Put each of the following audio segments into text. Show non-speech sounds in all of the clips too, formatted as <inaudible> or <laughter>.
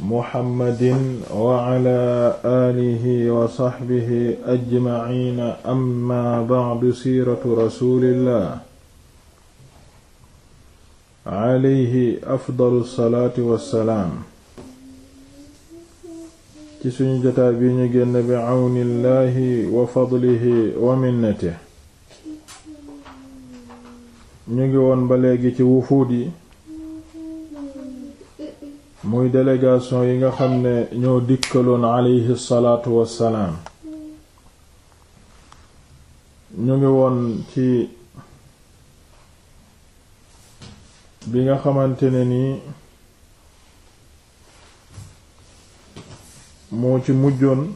muhammadin wa ala aalihi wa saxbihi ajmaciina amma bacdu siiratu rasuulillah alayhi afdalu ci suñu jotaay bi ñu génn bi wa fadlihi wa minnatihi. ngi woon ba léegi ci wufuud yi. muy délégation yi nga xam ne ñoo dikkaloon aleyhi salaatu wassalaam ñu ngi woon ci bi nga xamante ne nii moo ci mujjoon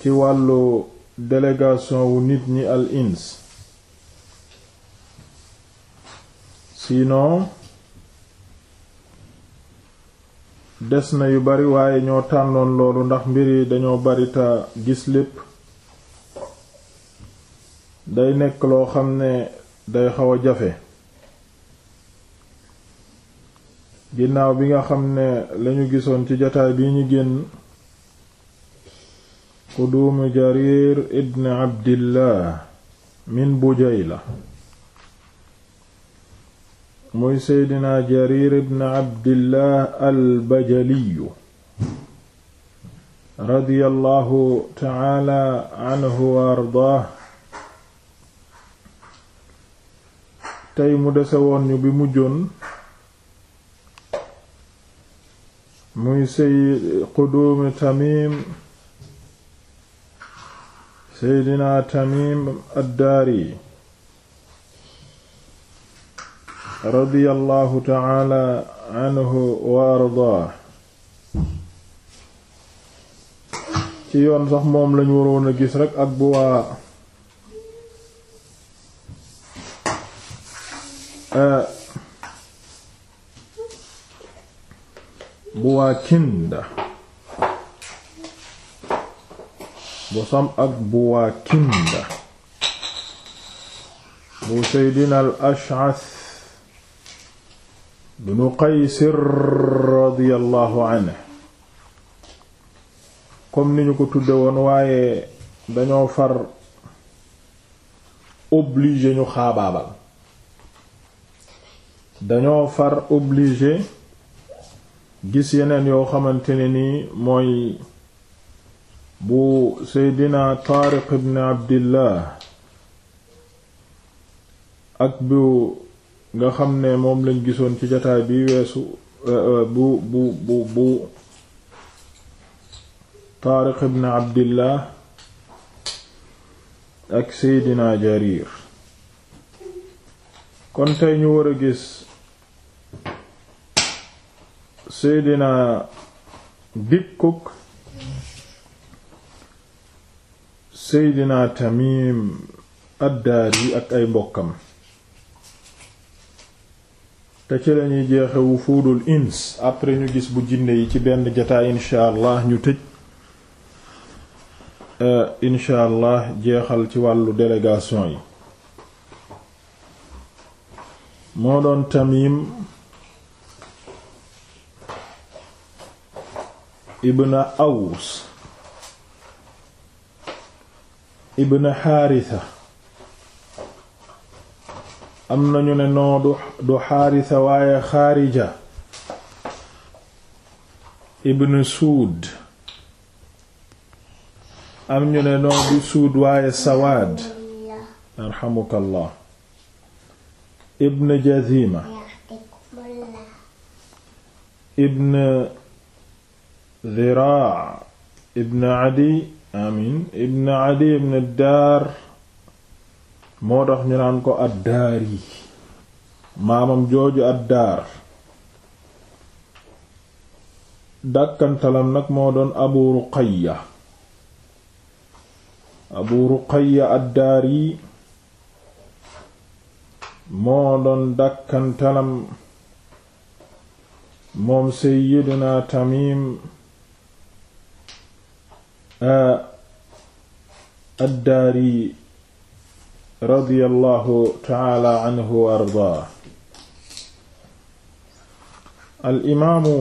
ci wàllu délégation wu nit ñi al ins sinon des na yu bari waaye ñoo tànnoon loolu ndax mbir yi dañoo bari gis lépp day nekk loo xam ne day xaw a jafe ginnaaw bi nga xam ne lañu gisoon ci jotaay bi ñu génn quduumu jarir ibn abdillah min bujayla la muy seydina jarir ibn abdillah albajaliyu radiyallahu taala anhu wa ardaah tey mu dese woon ñu bi mujjoon muy sey quduumi tamim seydina tamim addaari radiyallahu ta'ala anhu wa ardaa ci yoon sax moom lañu waroon a gis rekk ak bu waa eh, bu waa Kinda bu Sam ak bu waa Kinda bu Seydina al Ash'ath bnu qaysir radiyallahu anhu comme ni ñu ko tudde woon waaye dañoo far obligé ñu xaabaabal dañoo far obligé gis yeneen yoo xamante ne ni mooy bu seydina taariq ibn abdillah ak bu nga xam ne moom lañ gisoon ci jataay bi weesu euh, euh, bu bu bu bu ibn Abdillah ak Seydina Jarir kon tey ñu war a gis Seydina Dikkuk Seydina Tamim ad-Dari ak ay mbokkam te ci lañuy jeexe wufuudul ins après ñu gis bu jinne yi ci benn jataay incha allah ñu tëj euh, incha allah jeexal ci wàllu délégation yi moo doon tamim ibna aws ibna xaarisa am nañu ne noo du du xaarisa waaye xaarija ibn suud am ñu ne noo du suud waaye sawaad arxamukallah ibn jazima ibn dhiraa ibn adi amin ibn adi ibn daar moo tax ñu naan ko addaar yi maamam jooju addaar dàkkantalam nag moo doon abu ruqayya abu ruqayya addaar moo doon dàkkantalam moom seyyidina tamim eh, addaar radiyallahu taala anhu wa ardaa al imaamu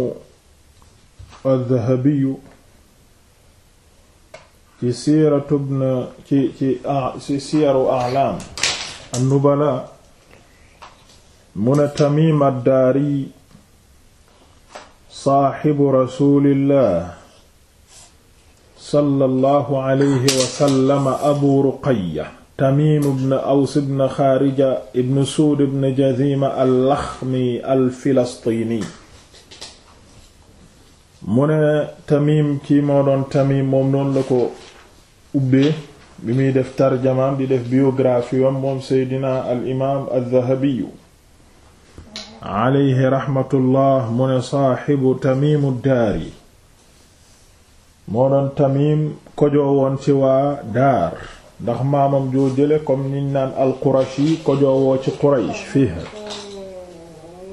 addahabiyu ci siiratu bna ci ci ci siyaru aclaam annubala mu ne tamim addaari saaxibu rasulillah sallallahu alayhi wa sallam abu ruqayya Tamim ibn Aws ibn Xaarija ibn Suud ibn Jazima al-Laxmi al Tamim kii moo Tamim moom noonu la ko ubbee bi muy def tarjamaam di def biographie wam moom Seydina al-Imaam al-Dhahabiyu alayhi Tamim kojoo woon ci waa ndax maamam ju jële comme niñ naan al-Qurashi ko ci Quraysh fii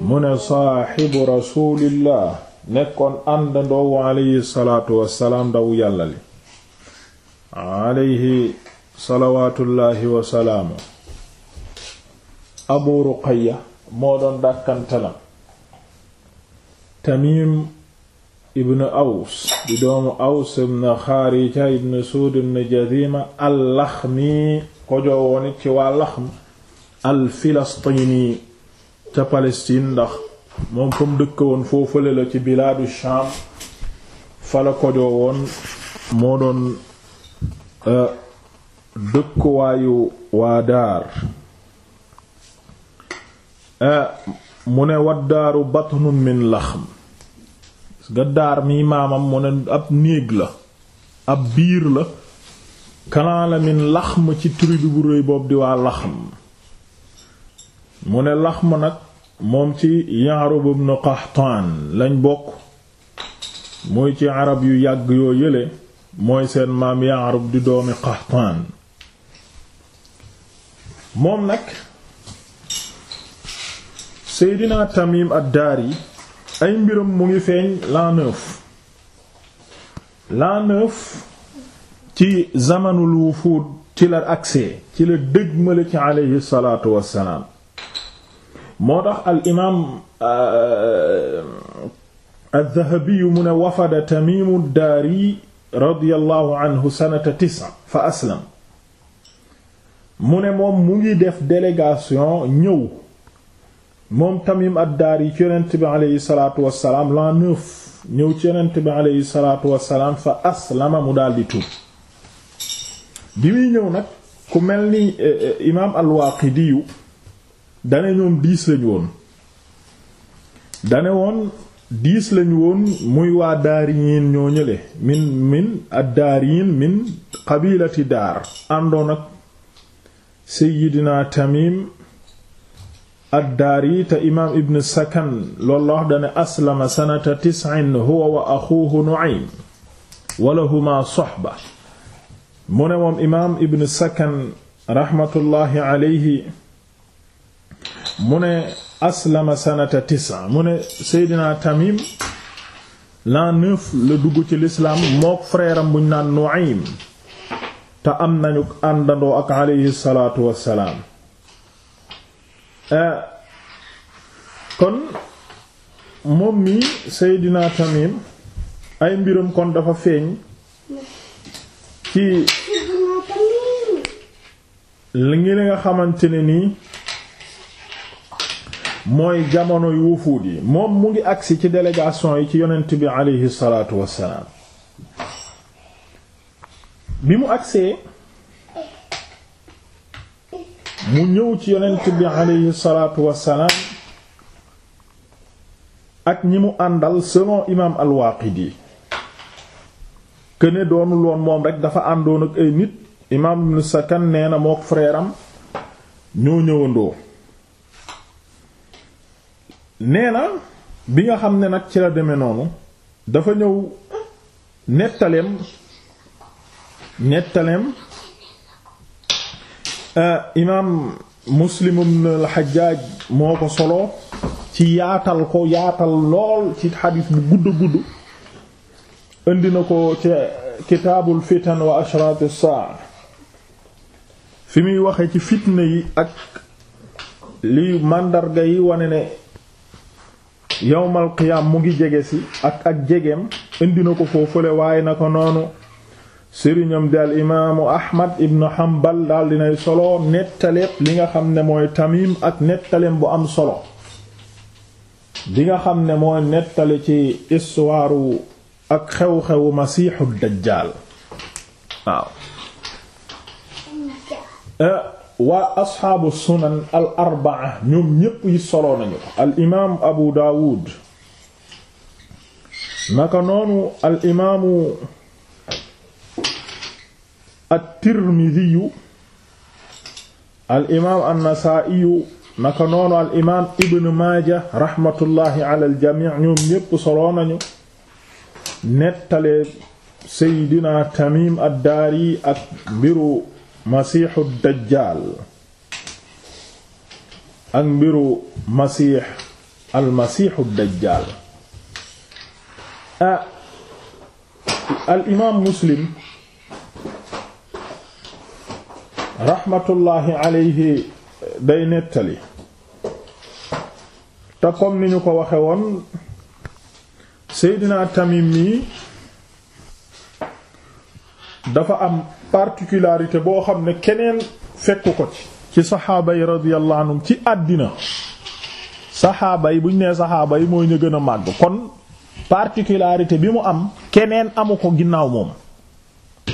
mu ne saaxibu rasulillah nekkoon àndandoowu alayhi salaatu wassalaam ndaw yàlla li alayhi salawaatullaahi wasalaamu abu ruqayya moo doon dàkkantalam tamim ibn aws di doomu aws ibn xaarija ibn suud ibn jazima allaxmi ko joowoon it ci waa laxm al filastini ca palestine ndax moom fa dëkk woon foofale la ci bilaadu shaam fala kojoo woon moo doon e, dëkkuwaayu waa daar e, mu ne waddaaru batnun min laxm Gaddaar mi maamam mu ne ab néeg la ab biir la kanaala min laxm ci tribu bu réy boobu di waa laxm mu ne laxm nag moom ci Ya'rub ibn Qahtaan lañ bokk muy ci arab yu yàgg yoo yële mooy seen maam Ya'rub di doomi Qahtaan moom nag Seydina Tamim ad-Dari ay mbiram mu ngi feeñ l'an neuf ci zamanul wufuud ci la agsee ci la dëgmale ci aleyhi salaatu wassalaam moo tax al imaam euh, euh, az-Zahabi mu ne wafada Tamiimu Daari radiyallahu anhu sanata tis'a fa aslam mu ne moom mu ngi def délégation ñëw moom Tamim ad-Dari ci bi aleyhi salaatu wassalaam l'an neuf ñëw ci yonent bi aleyhi salaatu wassalaam fa aslama mu daldi tuub bi muy ñëw nag ku mel ni eh, eh, imaam al-Waaqidi yu dane ñoom diis lañu woon dane woon diis lañu woon muy waa daariyin ñoo ñële min min ad-daariyin min qabilati daar àndoon ak Seydina Tamim addaari te imaam ibn sakan loolu la wax dane aslama sanata huwa wa axuuhu nu'aym walahuma soxba mu ne moom imaam ibn sakan raxmatullaahi alayhi mu ne aslama sanata tis'a mu ne seydinaa tamim l'an neuf la dugg ci lislaam mook frère buñ naan nu'aym te am nañu àndandoo ak alayhi salaatu wassalaam Euh, kon moom mi Seydina Tamim ay mbiram kon dafa feeñ ci li ngi li nga xamante ni mooy jamono yu wufuud yi moom mu ngi agsi ci délégation yi ci yonent bi aleyhi salaatu wassalaam bi mu agsee mu ñëw ci yeneen bi aleyhi salaatu wassalaam ak ñi mu àndal selon imaam al-Waaqidi këne doonul woon moom rek dafa àndoon ak ay nit imaam ibn Sakan nee na mook frère ñoo ñëwandoo nee na bi nga xam ne nag ci la demee noonu dafa ñëw nettaleem nettaleem Eh, imaam Muslim ibn al-Hajjaj moo ko solo ci yaatal ko yaatal lool ci xadiis bu gudd gudd indi ko ci kitaabul fitan wa ashrat as fi muy waxe ci fitna yi ak li màndarga yi wane ne yawmal qiyaam mu ngi jege si ak ak jegeem indi na ko foofule waaye na ko noonu sëriñam di al imaamu ahmad ibnu hanbal daal dinay solo nettaleeb li nga xam ne mooy tamim ak nettaleem bu am solo di nga xam ne mooy nettali ci istuwaaru ak xew-xewu masiixu dajjaal waaw eh, waa asxaabu sunan al ñoom ñépp yi solo nañu ko al imaam abu daawud noonu al at-Tirmidhi al imaam an-Nasaa'i naka noonu al imaam Ibn Maaja rahmatullahi ala al jamii ñoom ñépp solo nañu nettalee Seydina Tamim ad-Daari ak mbiru Masiixu Dajjaal ak mbiru Masiix al-Masiixu ah, al imaam Muslim. raxmatullaahi alayhi day nettali te comme ni ñu ko waxe woon Seydina Tamim mi dafa am particularité boo xam ne keneen fekku ko ci ci saxaaba yi radiyallahu ci àddina saxaaba yi bu nee saxaaba yi mooy ñu gën a màgg kon particularité bi mu am keneen amu ko ginnaaw moom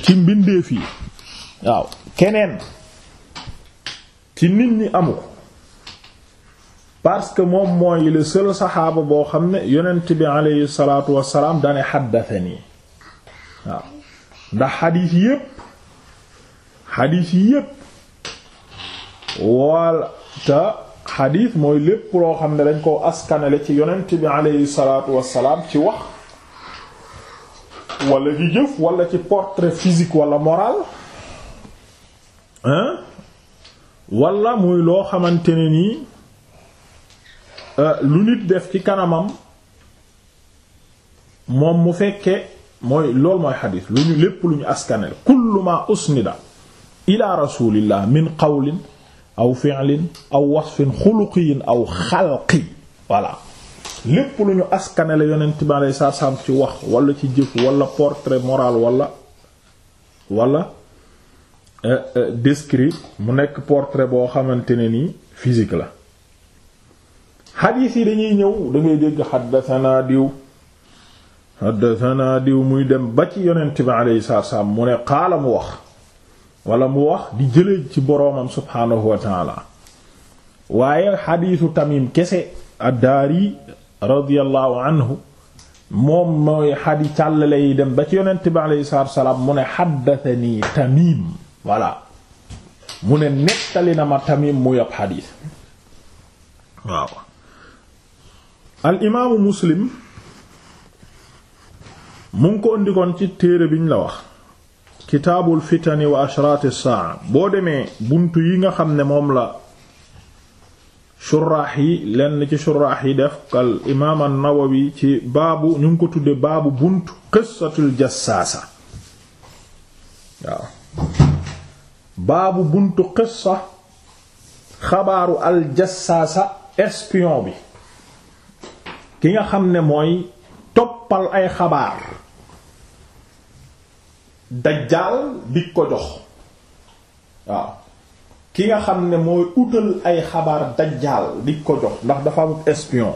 ci mbindeef yi waaw keneen ci nit ñi amu ko parce que moom mooy le seul saxaaba boo xam ne yonent bi aleyhi salaatu wassalaam dane xaddathani waaw ndax xadiis yépp xadiis yépp wal xadiis mooy lépp loo xam ne dañ koo askanale ci yonent bi aleyhi salaatu wassalaam ci wax wala ci jëf wala ci portrait physique wala moral wala muy loo xamante nii euh, lu nit def ci kanamam moom mu fekke mooy loolu mooy xadis lu ñu lépp lu ñu askanel kullu ma usnida ila rasulillah min qawlin aw fi'lin aw wasfin xuluqiyin aw xalqi voilà lépp lu ñu askanele yonent bi alei saat salaam ci wax wala ci jëf wala portrait moral wala wala Euh, euh, décrit mu nekk portrait boo xamante ne ni physique la xadiis yi dañuy ñëw da ngay dégg xaddasanaa diw xaddasanaa diw muy dem ba ci yonent bi alayhi salaatu salaam mu ne xaala mu wax walla mu wax di jëlee ci boroomam subhaanahu wa taala waaye xadiisu tamim kese addaari radiyallahu anhu moom mooy xadi càllale yi dem ba ci yonent bi alayhi salaatu salaam mu ne xaddasanii tamim voilà mu ne nettali na ma Tamim muy ab xadiis waaw Muslim mu ko indikoon ci téere biñ la wax kitaabul fitani wa ashraati saa boo demee bunt yi nga xam ne moom la shuraax yi lenn ci shuraax yi def kal imaam an-Nawawi ci baabu ñu ko tuddee baabu bunt qissatul jassaasa waaw baabu buntu qissa xabaaru aljassaasa espion bi ki nga xam ne mooy toppal ay xabaar dajjaal di ko jox waaw ki nga xam ne mooy utal ay xabaar dajjaal di ko jox ndax dafa am espion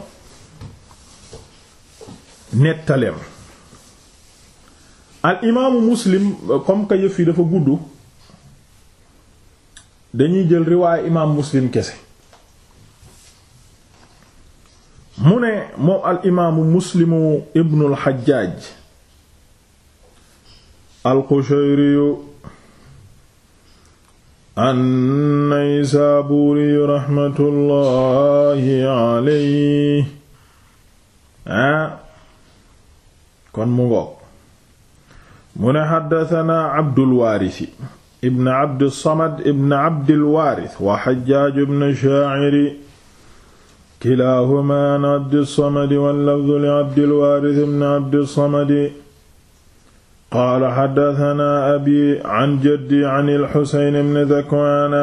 nettaleem al imaamu muslim comme que yëf yi dafa gudd dañuy jël riwaaye imaam muslim kese mu ne moom al imaamu muslimu ibnu xajjaaj al qushayriyu an-naysaburiyu raxmatullaahi alayhi ah, kon mu ngoog mu ne xaddatanaa abdul waarisi ibn abd samad ibn abd alwaaris wa xajjaaj ibn shaa'iri kilaahumaa an abd samad wal lafdu li abd alwaaris ibn abd samad qaala xaddasanaa abii an jaddii an alxuseyn ibn dakwaana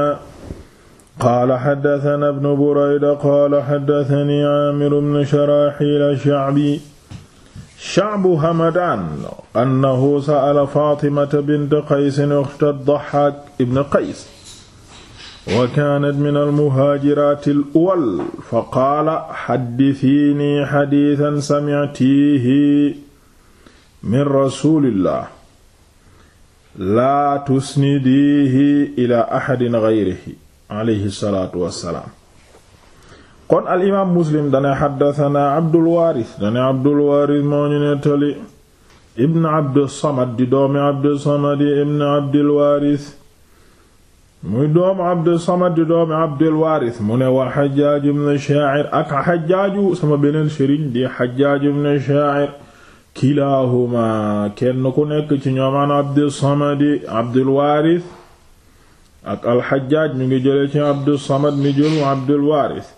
qaala xaddasanaa ibn burayda qaala xaddasanii aamir ibn sharaaxiil ash-sha'bi sha'bu hamadan annahu sa'ala fatimata bint qaysin uxta ad-Dahhaak ibn qays wa kaanat min al-muhaajiraati al-uwal fa qaala xaddisiinii xadiisan samictiihi min rasuulillah laa tusnidiihi ilaa axadin gayrihi alayhi salaatu wa salaam kon al imaam muslim dana xaddatanaa abdulwaaris dana abdulwaaris moo ñu nettali ibn abdusamad di doomi abdusamad yi ibn abdulwaaris muy doomu abdusamad di doomi abdulwaaris mu ne wa xajaaj ibn shaacir ak xajaaju sama beneen sëriñ di xajaaj ibn shaacir kilaahuma kenn ku nekk ci ñoom an abdusamadi abdulwaaris ak alxajaaj ñu ngi jële ci abdusamad mi jël abdulwaaris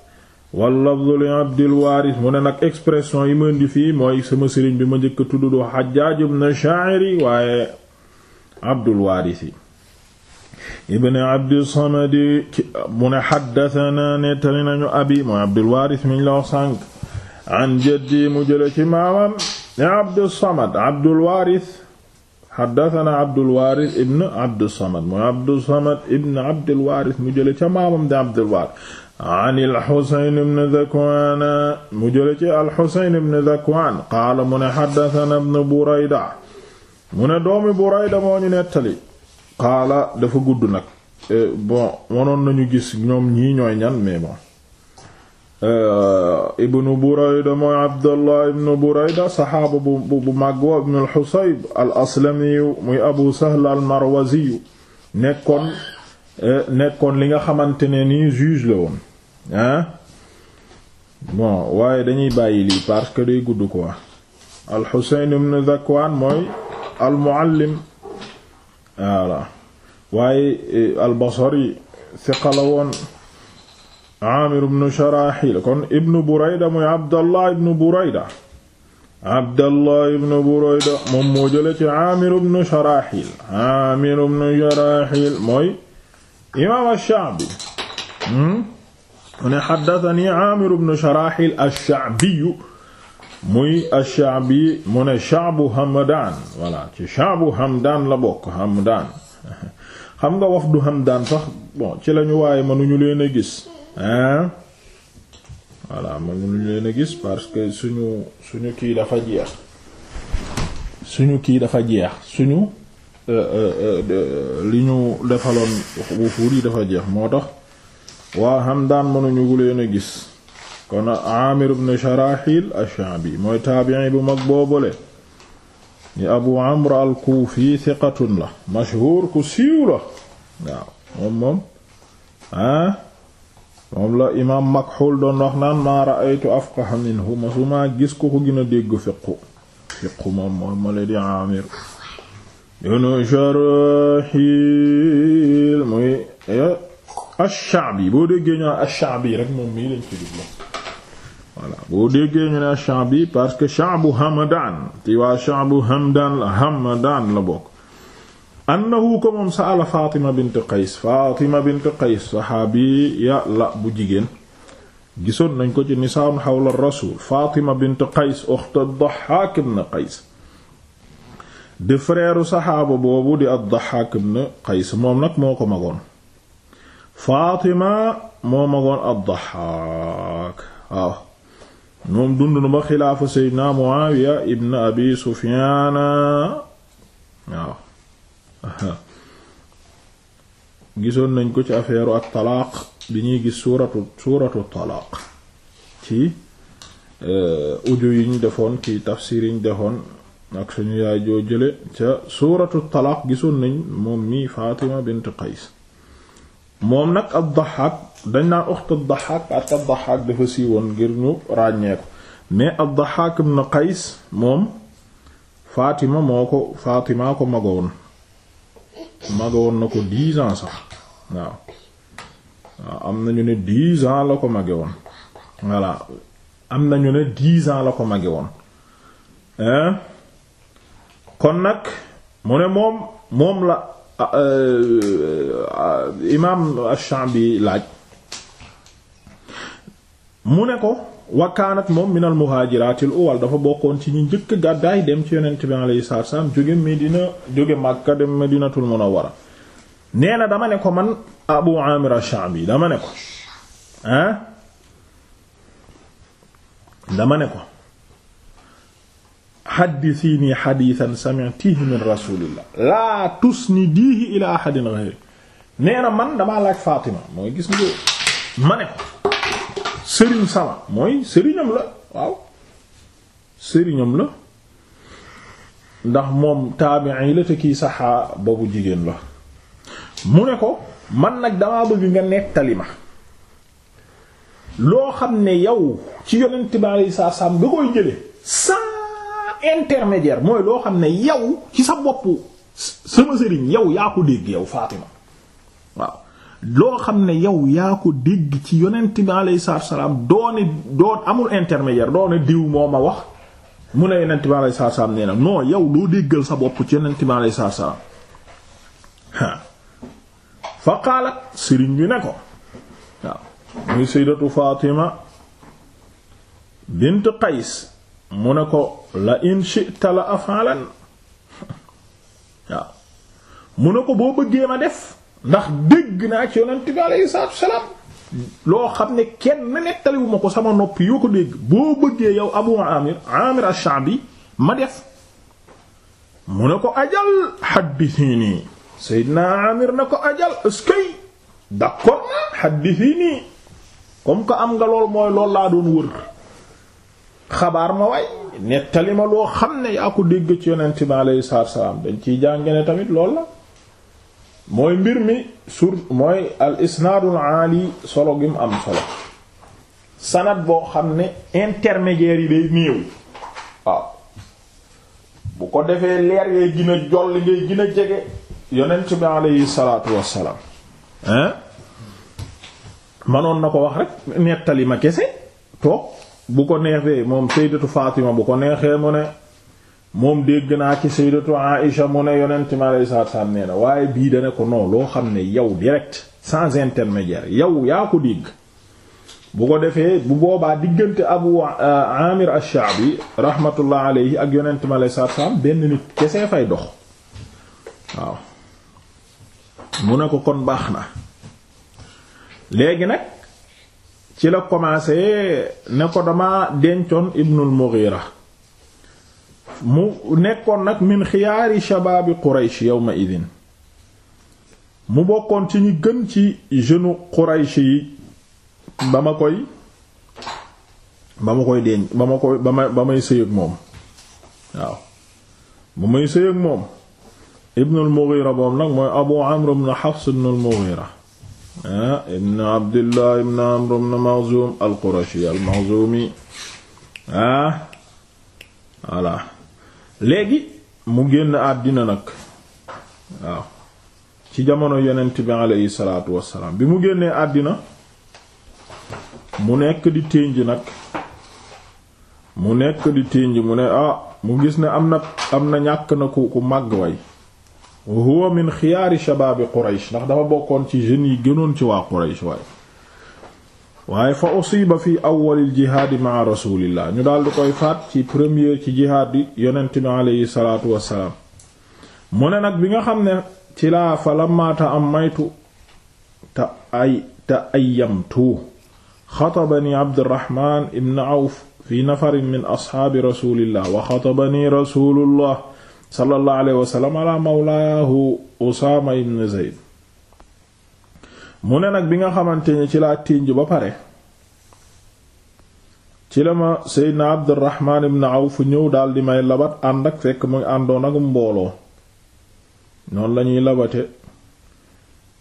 wallafdu li abdilwaaris mu ne nag expression yi ma indi fii mooy sama sëriñ bi ma njëkk a tudd du xajaaj ibn shaa'iri waaye abdulwaaris yi ibn abdisamadi mu ne xaddatanaa nettali nañu abi mooy abdulwaaris miñ la wax sànq an jaddi mu jële ci maamam ne abdulwaaris xaddatana abdulwaris ibn abdussamad mooy abdussamad ibn abdulwaris mu jële ca maamam di abdulwaris an alxusain ibn dakwan mu jële ci alxusain ibn dakwan qaala mu ne xaddatana ibn burayda mu ne doomi burayda moo ñu nettali qaala dafa gudd nag eh, bon wanoon nañu gis ñoom ñii ñooy ñan mais bon Euh, ibnu Burayda mooy Abdullah ibnu Burayda saxaaba bu bu mag wa ibnu al-Husayb al-Aslamiyu muy Abu Sahl marwaziyu nekkoon euh, nekkoon li nga xamante ne nii juge la bon waaye dañuy bàyyi lii parce que day gudd quoi al-Husayn ibn Dhakwaan mooy al-Muallim voilà waaye euh, al-Basri siqa la Aamir ibn Sharaxil kon ibn Burayda mooy Abdallah ibn Burayda Abdallah ibn Burayda moom moo ci Aamir ibn Sharaxil Aamir ibn Sharaxil mooy imaam ash-Sha'bi hmm? Hamdaan voilà ci Sha'bu Hamdaan la bokk Hamdaan <laughs> xam nga wafdu Hamdaan ci lañu waaye mënuñu leen a gis hein voilà mënuñu leen a gis parce que suñu suñu kii dafa jeex suñu kii dafa jeex suñu euh, euh, euh, li ñu defaloon wufuur yi dafa jeex moo tax waa Hamdaan mënuñu ko leen a gis kon Aamir ibn Sharahil ash-Sha'bi mooy taabi'i bu mag boobule ni Abu Amr al-Kufi thiqatun la mashhur ku siiw la waaw moom moom ah moom la imaam Makxuul doon wax naan maa ra'aytu afqaha minhu masumaa gis ko ko gën a dégg fiqu fiqu ma la Aamir ibnu Sharaxiil muy eh, shabi boo déggee ñu ash-Sha'bi rek moom mii lañ ci déglu voilà boo déggee ñu ne shabi parce que sha'bu Hamdaan ti waa sha'bu Hamdaan la bokk annahu ko moom saala Fatima bint Qays Fatima bint Qays saxaabiya la bu jigéen gisoon nañ ko ci nisaa'un xawla rasul Fatima bint Qays uxtu ad-Dahhaak Qays di frère saxaaba boobu di ad-Dahhaak ibn Qays moom nag moo ko magoon Fatima moo magoon ad-Dahhaak waaw moom dund na ba xilaafa Seydina Muawiya ibn Abi Sufyaan gisoon nañ ko ci affaire ak talaaq bi ñuy gis suuratu suuratu talaaq ci eh, uju yi ñu defoon ci tafsir yi ñu defoon ak suñu yaay joo jële ca suuratu talaaq gisoon nañ moom mii Fatima bint Qays moom nag ad Daxaak dañ naan uxtu ad Daxaak parce que dafa siiwoon ngir ñu ràññee mais ad Daxaak ibn Qays moom Fatima moo ko Fatima ko magoon maga woon na ko dix an sax waaw waaw am nañu ne dix ans la ko mage woon voilà am nañu ne dix ans la ko mage woon kon nag mu ne moom moom la imaam Ash-Sha'bi laaj mu ne ko wa kaanat moom min al muhaajiraatil uwal dafa bokkoon ci ñu njëkk gàddaay dem ci yonent bi alayhi salaatu salaam jóge Medina jóge Makka dem Medinatul Munawwara nee na dama ne ko man Abu Amir ash-Sha'bi dama ne ko dama ne ko haddisiinii hadiisan sami'tuhu min rasuulillah laa tusnidiihi ilaa ahadin ghayri nee na man damaa laaj Faatima mooy gis nga ma ne ko sëriñ sama mooy sëriñam la waaw sëriñam la ndax moom taabi'i la te kii saxaa boobu jigéen la mu ne ko man nag damaa bëgg nga nettali ma loo xam ne yow ci yonent bi alayhi salaam nga koy jële sans intermédiaire mooy loo xam ne yow ci sa bopp sama sëriñ yow yaa ko dégg yow Fatima waaw loo xam ne yow yaa ko dégg ci yonent bi alayhi salaam doone doon amul intermédiaire doone diw moo ma wax mu ne yonent bi alayhi salaam nee na non yow loo déggal sa bopp ci yonent bi alayhi salaatu salaam fa qaalat sëriñ bi ne ko muy sayyidatu Fatima bint Qays mu ne ko la in shi'ta la af'alan <laughs> waaw mu ne ko boo bëggee ma def ndax dégg naa ci yonent bi alayhi salaatu loo xam ne kenn nettaliwuma ko sama nopp yoo ko dégg boo bëggee yow Abu Amir Amir ash-Sha'bi ma def mu ne ko ajal haddithini Seydina Amir na ko ajal eskay d'accord na haddithini comme que am nga lool mooy lool laa doon wër xabaar ma waay nettali ma loo xam ne yaa ko dégg ci yonent bi alayhi salaatu dañ ciy jàngee ne tamit lool la mooy mbir mi sur mooy al isnaadul aali solo gi mu am solo sanad boo xam ne intermédiaires yi day néew waaw bu ko defee leer ngay gën a jolli ngay gën jege yonent bi aleyhi salaatu wassalaam hein manoon na ko wax rek nettali ma kese toog bu ko neexee moom sayyidatu Fatima bu ko neexee mu ne moom dégg naa ci sayyidatu Aïsha mu ne yonent mi alayhi salaatu nee na waaye bii dana ko non loo xam ne yow direct sans intermédiaire yow yaa ko dégg bu ko defee bu boobaa diggante Abu Amir ash-Sha'bi rahmatullah alayhi ak yonent mi alayhi salaatu benn nit kesee fay dox waaw mu ne ko kon baax na léegi nag ci la commencé ne ko dama dencoon Ibnul Mughira mu nekkoon nag min xiyaari shabaabi quraysh yawma idin mu bokkoon ci ñi gën ci jeune quraysh yi ba ma koy ba ma koy deeñ ba ma koy ba ma ba may sëy ak moom waaw ba may sëy ak moom ibnu al-Mughira nag mooy abu amr ibn Hafs ibnu al-Mughira ah ibn abdillah ibn amr al-Qurashi al-Makhzumi ah voilà léegi mu génn àddina nag waaw ci jamono yonent bi aleyhi salaatu wassalaam bi mu génnee àddina mu nekk di ténj nag mu nekk di ténj mu ne ah mu gis ne am na am na ñàkk na ku ku màgg way huwa min xiyaari shabaabi Quraysh ndax dafa bokkoon ci jeunes yi gënoon ci waa Quraysh waaye waaye fa usiba fi awwalil jihaadi maa rasulillah ñu daal di koy faat ci première ci jihaad yi yonent bi aleyhi salaatu wassalaam mu ne nag bi nga xam ne ci laa fa lamaata am maytu ta ay ta ayyamtu xatabani abdirahman ibn awf fi nafarin min asxaabi rasulillah wa xatabani rasulullah sallallahu alayhi wa sallam ala mawlaahu usaama ibn zayd mu ne nag bi nga xamante ne ci laa tinj ba pare ci la ma seydna abdurrahman ibn awf ñëw daal di may labat ànd ak fekk mu àndoon ak mbooloo noonu lañuy labate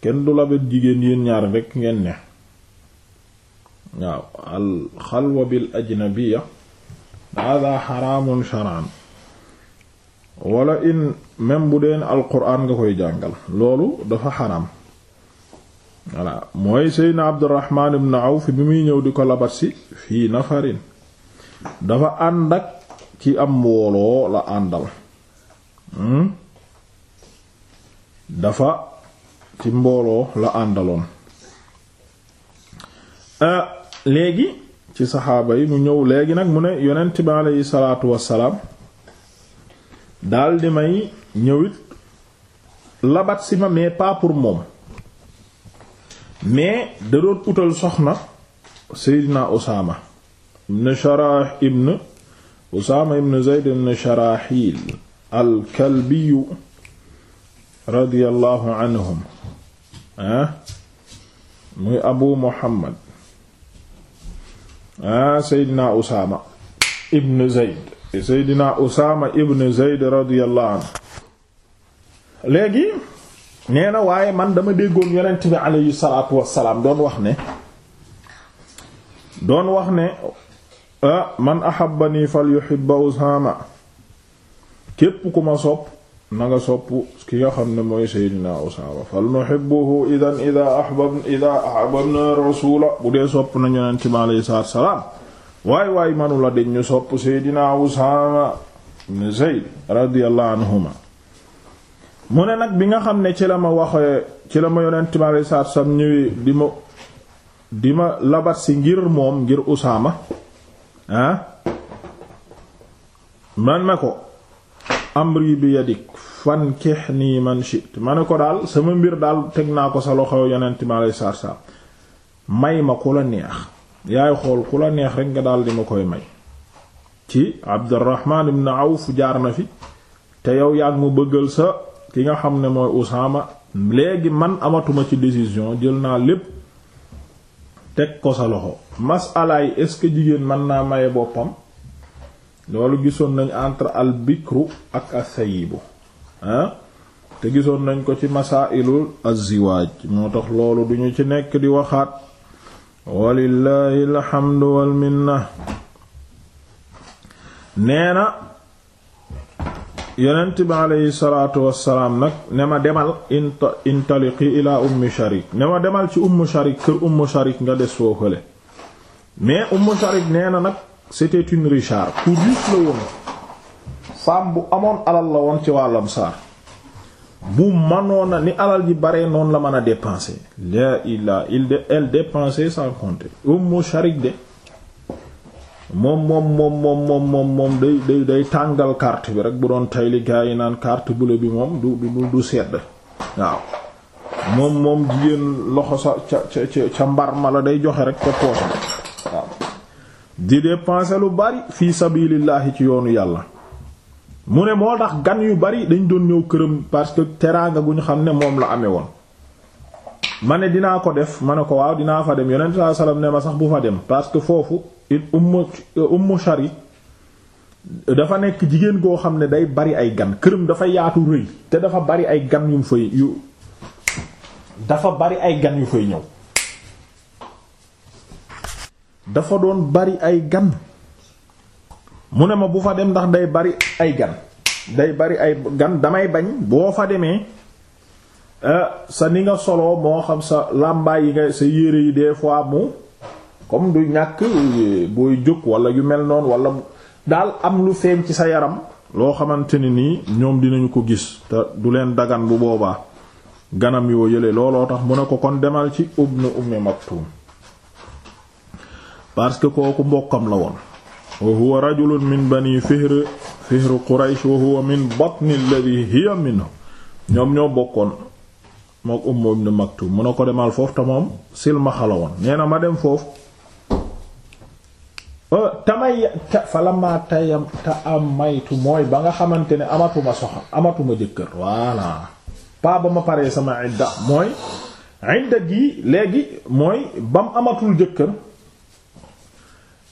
kenn du labat jigéen yéen ñaar rekk ngeen ne waaw al xalwa bil ajnabiya hada xaraamun sharaan wala in même bu deen al quraan nga koy jàngal loolu dafa xaraam voilà mooy seydna abdurrahman ibn awf bi muy ñëw di ko labat si fii nafarin dafa ànd ak ci am mbooloo la àndal hmm? dafa ci mbooloo la àndaloon euh, léegi ci saxaaba yi mu ñëw léegi nag mu ne yonent bi aleyhi salaatu wassalaam daldi may ñëwit labat ma mais pas pour moom mais da utal soxna Seydina Usaama ibn Sharax ibn Usaama ibn Zayd ibn Sharaxil al-Kalbiyu radiyallahu anhum ah muy Abu Muhammad ah Seydina ibn Zayd Seydina Usaama nee na waaye man dama déggoon yonent bi alayhi salaatu wassalaam doon wax ne doon wax ne man ahabbani fal yuhibba Usaama képp ku ma sopp na nga sopp ki nga xam ne mooy Seydina Usaama fal nuhibbuhu idan idaa rasuula bu dee sopp nañu yonent bi alayhi waay waay manula deñ ñu sopp Seydina Usaama ibn Zayd radiyallahu anhuma mu ne nag bi nga xam ne ci la ma waxee ci la ma yonent ma aleyhi salaatu salaam ñëwee di ma di ma labat si ngir moom ngir Usaama ah man na ko amri bi yadik fankih nii man shit ma ne ko daal sama mbir daal teg naa ko sa loxo yonent ma aleyhi salaatu salaam may ma ku la neex yaay xool ku la neex rek nga daal di ma koy may ci Abdurrahman ibn Awf jaar na fi te yow yaa mu bëggal sa ki nga xam ne mooy Usaama léegi man amatuma ci décision jël naa lépp teg ko sa loxo masalaay est-ce jigéen mën naa maye boppam loolu gisoon nañ entre al bikru ak as-sayyibu te gisoon nañ ko ci masailul az-ziwaaj moo tax loolu duñu ci nekk di waxaat la alhamdu wal minna neena yonent bi aleyhi salaatu wassalaam nag ne ma demal inta intaliqi ummi sharik ne ma demal ci ummu sharik kër ummu sharik nga des foo fële mais ummu sharik nee na nag c'était une richard ku riche la woon femme bu amoon alal la woon ci wàllam saar bu manoon na ni alal ji bare noonu la mën a dépenser la il a il elle dépensait sans compter sharik de moom moom moom moom moom moom moom day day day tàngal carte bi rek bu doon tey li yi naan carte bleue bi moom du du du sedd waaw moom moom jigéen loxo sa ca ca ca mbar ma la day joxe rek ca poos bi waaw di dépenser lu bari fii sabilillahi ci yoonu yàlla mu ne moo ndax gan yu bari dañ doon ñëw këram parce que teraanga gu ñu xam ne moom la amee woon ma ne dinaa ko def ma ne ko waaw dinaa fa dem yonent saa salaam ne ma sax bu fa dem parce que foofu it umm umm shari dafa nekk jigéen goo xam ne day bari ay gan këram dafa yaatu rëy te dafa bari ay gan yu fay yu dafa bari ay gan yu fay ñëw dafa doon bari ay gan mu ne ma bu fa dem ndax day bari ay gan day bari ay gan damay bañ boo fa demee Eh, sa ni nga solo moo xam sa làmbaay yi nga sa yére yi des fois mu comme du ñàkk booy jóg wala yu mel noonu wala daal am lu feeñ ci sa yaram loo xamante ne nii ñoom dinañu ko gis te du leen dagan bu boobaa ganam yoo yële looloo tax mu ne ko kon demal ci ibnu ummi maktum parce que kooku mbokkam la woon wa huwa rajulun min bani fihr fihr quraysh wa huwa min batni alladhi hiya minhu ñoom ñoo bokkoon mook Ummu ibn Maktum mu ne ko demal foofu te moom silmaxa la woon nee na ma dem foofu euh, tamay falama tayam ta maytu mooy ba nga xamante ne amatuma soxla amatuma jëkkër voilà pa ba ma paree sama idda mooy idda gi léegi mooy bam amatul jëkkër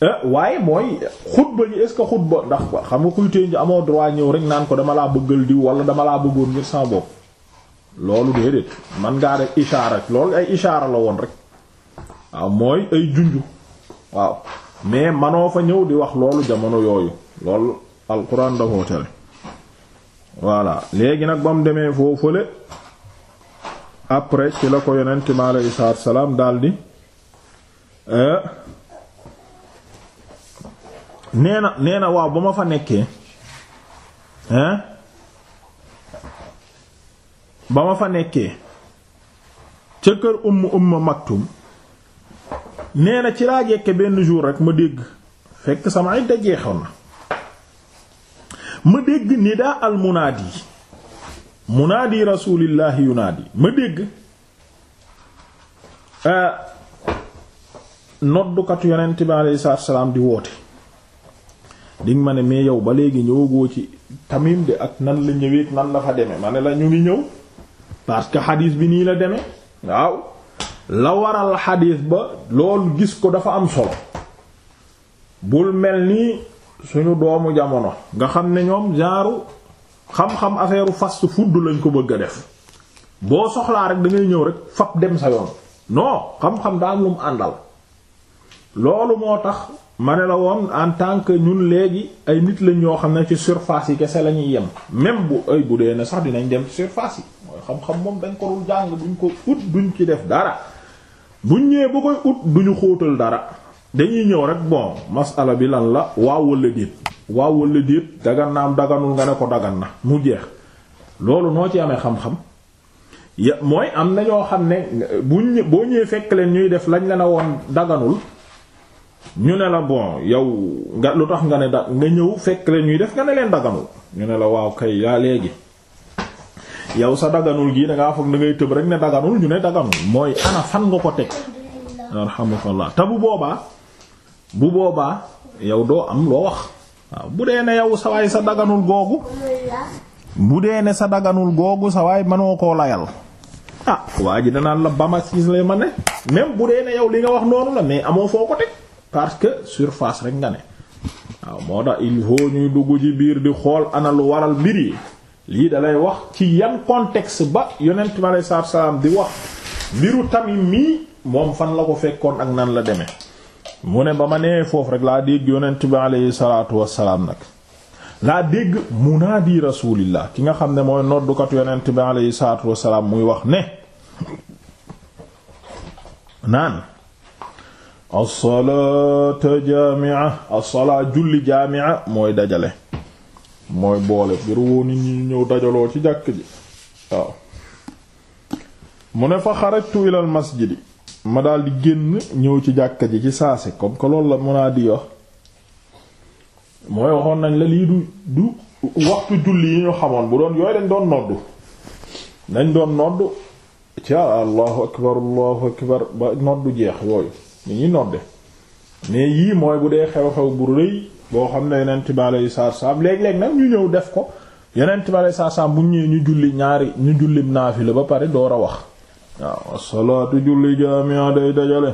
euh, waaye mooy xutba ji est-ce que xutba ndax xam nga kuy téen ji amoo droit ñëw rek naan ko dama laa bëggal diw wala dama laa bëggoon ngir sama bopp loolu déedéet man ngaa def ishaara loolu ay ishaara la woon rek waaw mooy ay junju waaw mais manoo fa ñëw di wax loolu jamono yooyu loolu alquran da koo tere voilà léegi nag bam demee foofu fële après ci la ko yonent mi aleyhi salaatu salaam daldi eh, nee na nee na waaw ba ma fa nekkee hein eh, ba ma fa nekkee ca kër umm umma maktum nee na ci laa jekke benn jour rek ma dégg fekk samay idda jeexoon na ma dégg nidaa al munaadi munaadi rasuulillaahi yunaadi ma dégg euh, noddukatu yonent bi alayhi salaam di woote dinga ma ne mais yow ba léegi ñëwagoo ci tamim de ak nan la ñëwee nan la fa demee ma ne la ñu ngi ñëw parce que xadiis bi nii la demee waaw la waral xadiis ba loolu gis ko dafa am solo bul mel nii suñu doomu jamono nga xam ne ñoom genre xam-xam affaire fast fudd lañ ko bëgg a def boo soxlaa rek dangay ñëw rek fab dem sa yoon non xam-xam daa am àndal loolu moo tax ma ne la woon en tant que ñun léegi ay nit lañ yoo xam ne ci surface yi kese la ñuy yem même bu ay bu dee ne sax dinañ dem ci yi xam-xam moom dañ ko dul jàng duñ ko ut duñ ci def dara buñ ñëwee bu koy ut duñu xóotal dara dañuy ñëw rek bon masala bi lan la waaw walla déet waaw walla déet dagan na am daganul nga ne ko dagan na mu jeex loolu noo ci amee xam-xam ya mooy am na ñoo xam ne buñ boo ñëwee fekk leen ñuy def lañ la ne woon daganul ñu ne la bon yow nga lu tax nga ne da nga ñëw fekk leen ñuy def nga ne leen daganul ñu ne la waaw kay yaa léegi yow sa daganul gii da ngaa foog da ngay tëb rek ne daganul ñu ne daganul mooy ana fan nga ko teg alhamdulilah te bu boobaa bu boobaa yow doo am loo wax waaw bu dee ne yow sa sa daganul googu bu dee ne sa daganul googu sa waay mënoo koo layal ah waa ji danaan la bamassis lay ma ne même bu dee ne yow li nga wax noonu la mais amoo foo ko teg parce que surface rek nga ne waaw moo tax il faut ñuy dugg ci biir di xool ana lu waral mbir yi lii dalay wax ci yan contexte ba yonent bi aleyhi salaam di wax mbiru Tamim mii moom fan la ko fekkoon ak nan la deme mu ne ba ma nee foofu rek laa dégg yonent bi aleyhi salaatu wassalaam nag laa dégg munaadi rasulillah ki nga xam ne mooy noddukat yonent bi aleyhi salaatu wassalaam muy wax ne naan as-salaata jaami'a julli jaami'a mooy dajale mooy boole ngir woo nit ñi ñëw dajaloo ci jàkk ji waaw mu ne fa xarajtu ilal masjidi ma di génn ñëw ci jàkka ji ci saase comme que loolu la mun a di wax mooy waxoon nañ la lii du du waxtu julli yi ñu xamoon bu doon yooyu dañ doon noddu dañ doon noddu ca allahu akbar akbar ba noddu jeex yooyu ni ñuy nodde mais yii mooy bu dee xew xew bu rëy boo xam ne yonent bi alayhi salaatu salaam léeg-léeg nag ñu ñëw def ko yonent bi alayhi salaatu salaam bu ñëwee ñu julli ñaari ñu julli naafila ba pare door a wax waaw asalaatu julli jaami'a day dajale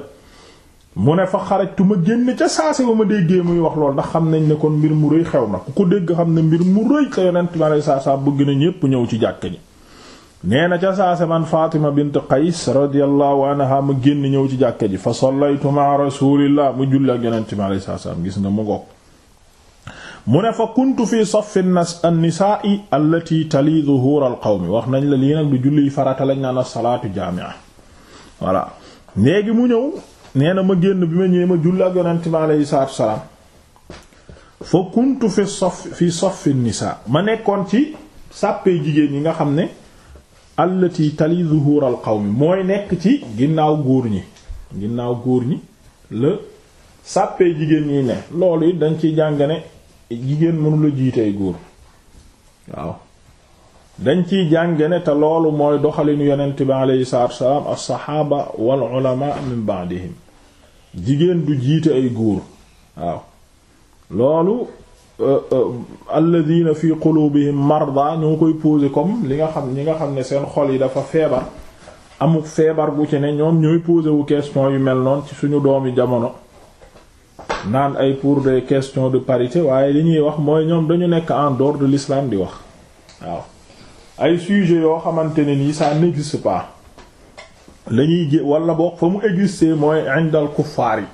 mu ne fa xarajtu ma génn ca saase ba ma déggee muy wax lool ndax xam nañ ne kon mbir mu rëy xew na ku ko dégg xam ne mbir mu rëy la yonent bi alayhi salaatu salaam bëgg na ñépp ñëw ci jàkk ji nee na ca saase man Fatima bint Qays radiyallahu anha ma génn ñëw ci jàkk ji fa sallaytu ma'a rasulillah mu julli ak yonent bi alayhi salaatu salaam gis nga mu ngoog mu ne fa kuntu fi saffi an-nisaa'i allati tali zuhuur al wax nañ la lii nag du julliy farata lañ naan as-salaatu jaami'a voilà léegi mu ñëw nee na ma génn bi ma ñëwee ma julli ak yonent mi alayhi salaatu salaam fa kuntu fi saffi fi saffi nisaa ma nekkoon ci sàppee jigéen yi nga xam ne allati tali zuhuur al-qawmi mooy nekk ci ginnaaw góor ñi ginnaaw góor ñi la sàppee jigéen ñi ne loolu it dañ ciy jàng ne jigéen mënula jiitey góor waaw dañ ciy jànge ne te loolu mooy doxalinu yonent bi aleyhi salaatu wasalaam alsaxaaba wal ulama min baadihim jigéen du jiite ay góor waaw loolu euh, euh, alladina fi qulubihim marda ñoo koy poser comme li nga xam ñi nga xam ne seen xol yi dafa feebar amuk feebar bu ci ne ñoom ñooy poser wu question yu mel noon ci suñu doomi jamono naan ay pour des question de parité waaye li ñuy wax mooy ñoom dañu nekk en dehors de l'islam di wax waaw ay sujets yoo xamante ne nii ça n'existe pas la ñuy jé wala boog fa mu exister mooy indal kuffaar yi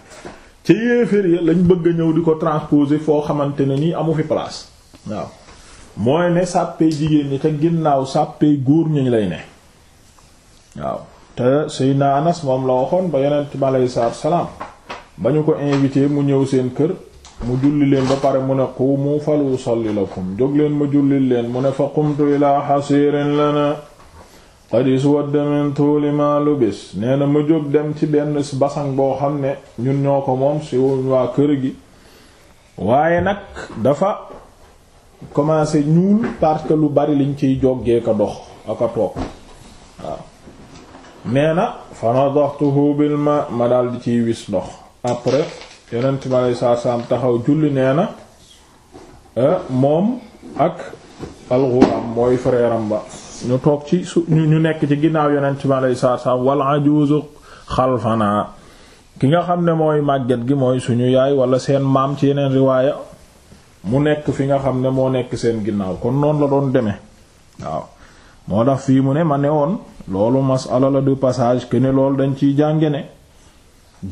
ca yéefér ya lañ bëgg a ñëw di ko transposer foo xamante ne nii amu fi place waaw mooy ne sàppee jigéen ñi te ginnaaw sàppee góor ñi lay ne waaw te Seydina Anas moom la waxoon ba yonent bi aleyhi salaatu wa ba ñu ko invité mu ñëw seen kër mu julli leen ba pare mu ne qumu falu salli lakum jóg leen ma julli leen mu ne fa qumtu ilaa xasiirin lana qad iswadda min tuuli ma lubis nee na ma jóg dem ci benn basang boo xam ne ñun ñoo ko moom si waa kër gi waaye nag dafa commencé ñuul parce que lu bari liñ ciy joggee ka dox aka toog waaw nee na fa nadaxtuhu bil ma ma daldi ciy wis ndox après yonent bi aleyhi salaatu salaam taxaw julli nee na eh, moom ak alxuraam mooy frère ba ñu toog ci su ñu nekk ci ginnaaw yonent bi aleyhi salaatu salaam wal ajuuzu xalfanaa ki nga xam ne mooy màgget gi mooy suñu yaay wala seen maam ci yeneen riwaaya mu nekk fi nga xam ne moo nekk seen ginnaaw kon noonu la doon demee waaw moo tax fii mu ne ma ne woon loolu masala la du passage que ne loolu dañ ciy jànge ne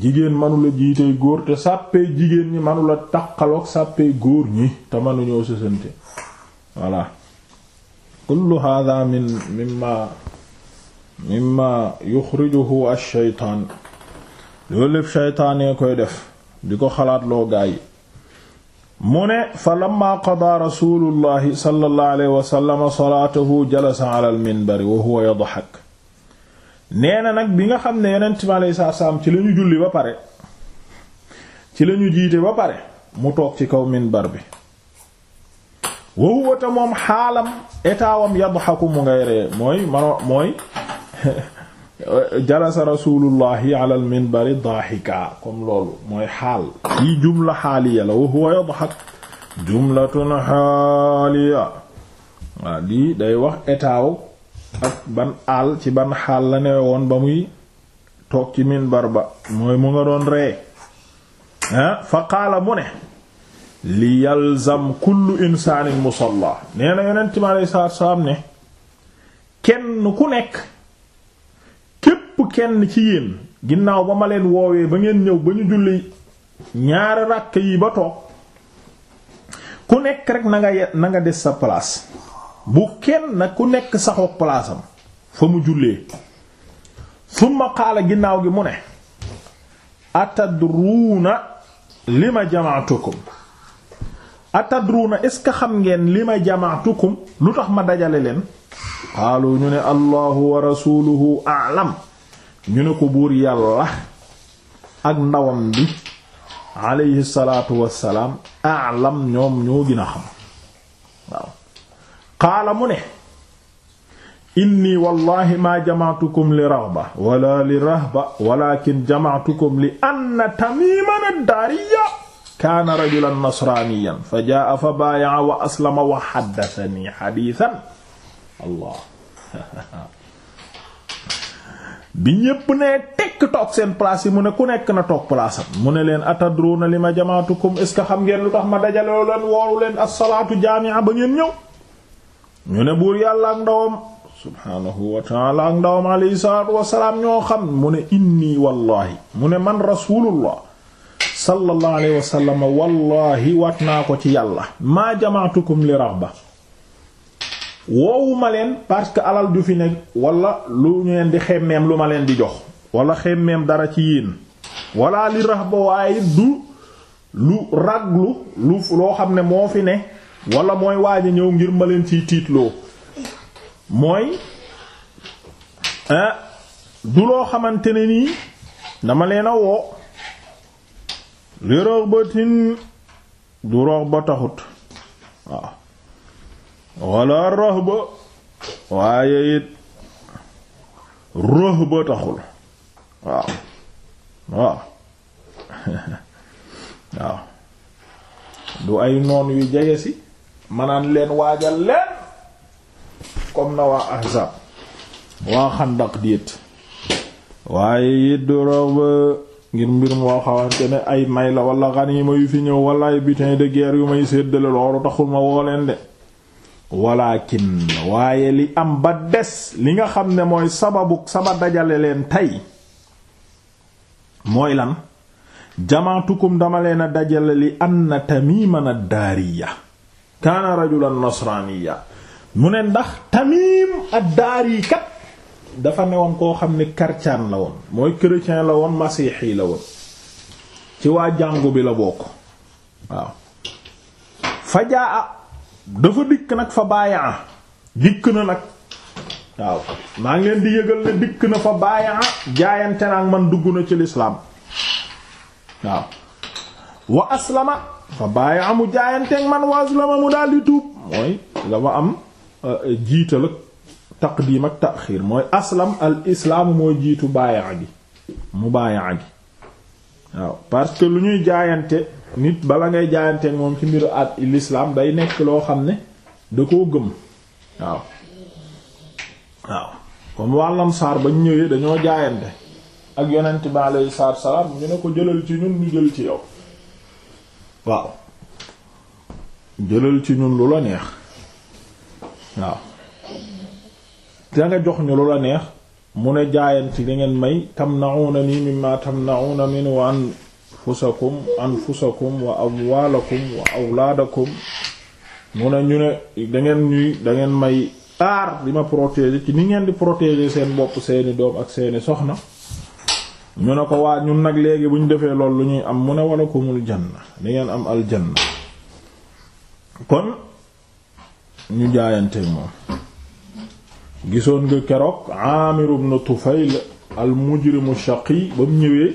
jigéen manula jiitey góor te sàppee jigéen ñi manula taqaloog sàppee góor ñi te manuñoo sësante voilà kullu hada min mimma mimma yuxrijuhu ash-shaytaan loolu lépp shaytaanee koy def di ko xalaat loo gaa yi mu ne fa lamma qadaa rasulullahi sallallahu alayhi wa sallam salaatahu jalasa ala al-minbari wa huwa yadhak nee na nag bi nga xam ne yonent bi alayhi salaam ci la ñu julli ba pare ci lañu jiite ba pare mu toog ci kaw minbar bi wa huwa moom xaalam etaawam yadhaku mu ngay ree mooy mano mooy <laughs> jalasa rasulullahi ala al mooy xaal yi jumla xaaliya la wa huwa yadhak xaaliya waaw lii day wax etaaw ak ban àll ci ban xaal la newe woon ba muy toog ci minbar ba mooy mu nga doon ree ah fa qaala mu ne li yalzam kullu insaanin musalla nee na yonent ci ma salaatu salaam ne kenn ku nekk képp kenn ci yéen ginnaaw ba ma leen woowee ba ngeen ñëw ba ñu julli ñaari ràkk yi ba toog ku nekk rek na nga des sa palaas bu kenn ku nekk saxoog palaasam fa mu jullee summa qaala ginnaaw gi mu ne atadruuna li ma jamaatukum atadruuna est-ce que xam ngeen li ma jamaatukum lu tax ma dajale leen qaalu ñu ne allahu wa rasuluhu a'lam ñu ne ko buur yàlla ak ndawam bi alayhi salaatu wassalaam a'lam ñoom ñoo gën a xam qaala mu ne inni wallahi maa jamaatukum li raghba wala li rahba walakin jamaatukum li anna tamiman ad-daariya kaana rajulan nasraaniyan fa jaa fa baaya'a wa aslama wa haddathanii hadiithan allah <laughs> bi ñépp ne tekk toog seen place yi mu ne ku nekk na toog place am mu ne leen atadruuna li ma jamaatukum est-ce que xam ngeen lu tax ma dajaloo leen wooru leen as-salaatu jaami'a ba ngeen ñëw ñu ne buur yàlla ak ndawam subhaanahu wa ak ndawam alayhi salaatu wasalaam ñoo xam mu ne inni wallahi mu ne man rasulullah sallallahu alayhi wat naa ko ci yàlla maa jamaatukum li raghba woowu ma leen parce que alal du fi nekk wala lu ñu leen di xemmeem lu ma leen di jox wala xemmeem dara ci yéen wala li raghba waaye du lu raglu loo xam ne moo fi ne wala mooy waaj a ñëw ngir ma leen ciy tiitloo mooy ah, du loo xamante ne nii dama leen a woo li rox ba tin du rox ba taxut waaw waaw <laughs> waaw du ay noon yu jege si manaan leen waajal leen comme na waa ahzab waa xandaq diit waaye yit dorob ngir mbir moo xawante ne ay may la wala xaniima yu fi ñëw wala ay butin de yu may séddale loolu taxul ma woo leen de walakin waaye li am ba des li nga xam ne mooy sababu sama dajale leen tey mooy lan jamaatukum dama leen a dajale li mën a daari daariya kaana rajulan nasraniya mu ne ndax Tamim ad-Dari kat dafa newoon koo xam ne karcaan la woon mooy chrétien la woon masiixi la woon ci waa jàngu bi la bokk waaw fajaa dafa dikk nag fa baayaa dikk na nag waaw maa ngeen di yëgal ne dikk na fa baayaa jaayante naa man dugg na ci lislaam waaw wa aslama fa bàyyi amu jaayanteeg man waslama mu daal di tuub mooy dama am euh, jiital ak taqdiim ak taxiir mooy aslam al islaamu mooy jiitu baayaa gi mu baayaa gi waaw parce que lu ñuy jaayante nit bala ngay jaayanteeg moom ci mbiru at l'islam day nekk loo xam ne da ko gëm waaw waaw comme wàllam saar bañ ñëwee dañoo jaayante ak yonent bi alayhi salaam ñu ne ko jëlal ci ñun ñu jël ci yow waaw jëlal ci ñun lu la neex waaw da nga jox ñu lu la neex mu ne jaayanti li ngeen may tam tamna'una ni mimma tamna'una min wa anfusakum anfusakum wa amwaalakum laada awlaadakum mu ne ñu ne dangeen ñuy dangeen may aar di ma protéger ci ni ngeen di protéger seen bopp seeni doom ak seeni soxna ñu ne ko waa ñun nag léegi bu ñu defee lool lu ñuy am mu ne wala kumul janna di ngeen am aljanna kon ñu jaayante moom gisoon nga keroog Aamir ibn Tufayl al mujrimu shaqi ba mu ñëwee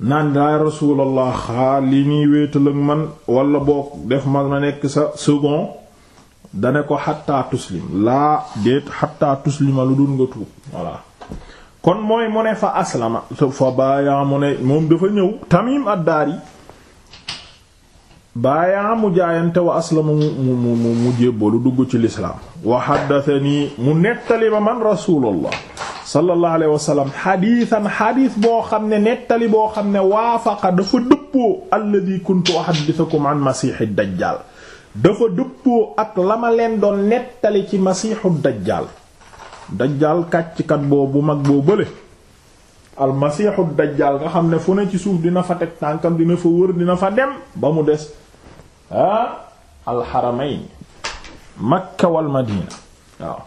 naan daay rasulallah xaar li ñuy wéetal ak man walla boog def mag ma nekk sa second dane ko xattaa tuslim laa déet xattaa tuslima lu dul nga tuub voilà kon mooy mu ne fa aslama fa baayaa ne moom dafa ñëw tamim addaari baayaa mu jaayante wa aslama mu mu mu mu jébbalu dugg ci lislaam wa xaddatani mu nettali ma man rasuulallah sallallahu alayhi wa sallam xadiis boo xam ne nettali boo xam ne waafaqa dafa dëppoo alladi kuntu uhaddithukum an masiixi dajjaal dafa dëppoo ak la ma leen doon nettali ci masiixu dajjaal dajjaal kàcckat boobu mag boo bële almasiixu dajjaal nga xam ne fu ne ci suuf dina fa teg tànkam dina fa wër dina fa dem ba mu des ah alxaramayn makka wal madina waaw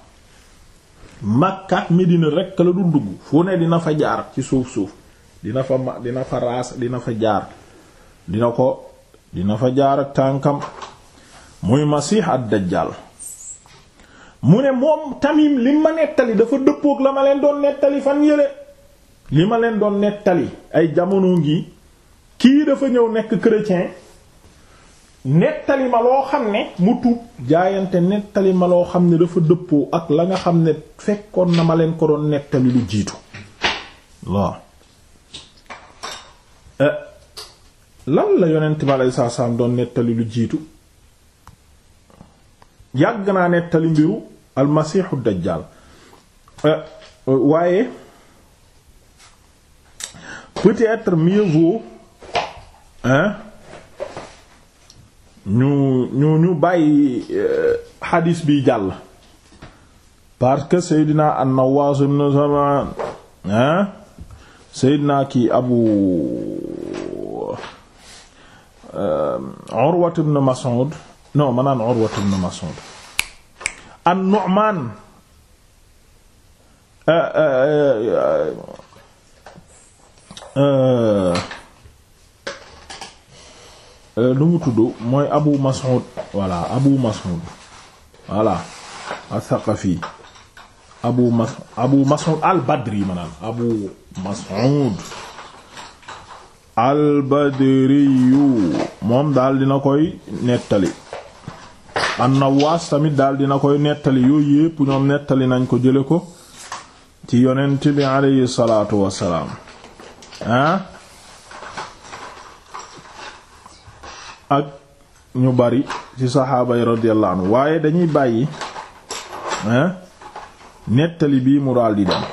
makka medina rekk la du dugg fu ne dina fa jaar ci suuf-suuf dina fa ma dina fa raas dina fa jaar dina ko dina fa jaar ak tànkam muy masiix ad dajjaal mu ne moom tamim li ma nettali dafa dëppook la ma leen doon nettali fan yële li ma leen doon nettali ay jamono ngi kii dafa ñëw nekk chrétien nettali ma loo xam ne mu tuub jaayante nettali ma loo xam ne dafa dëppoo ak la nga xam ne fekkoon na ma leen ko doon nettali lu jiitu waaw eh, la yonent bi aleyhi salaam doon nettali lu jiitu yàgg naa nettali mbiru almasiixu dajjaal euh, euh, waaye peut-être mieux vaut hein ñu ñu ñu bàyyi euh, xadiis bi jàll parce que Seydina an-Nawwaas ibn Sam'aan hein Seydina kii Abu Urwat ibn non ma naan Urwa ibn Mas'ud an-Nu'man euh, euh, euh, lu mu tudd mooy Abu Mas'ud voilà Abu Mas'ud voilà as-Saqafi Abu Mas al-Badri ma Abu Mas'ud al-Badri moom daal dina koy nettali na nawwaas tamit daldi na koy nettali yooyu yépp ñoom nettali nañ ko jële ko ci yonent bi alayhi salaatu wassalaam ah? ak ñu bari ci saxaaba yi radiyallahu anhu waaye dañuy bàyyi ah nettali bii mu daal di dem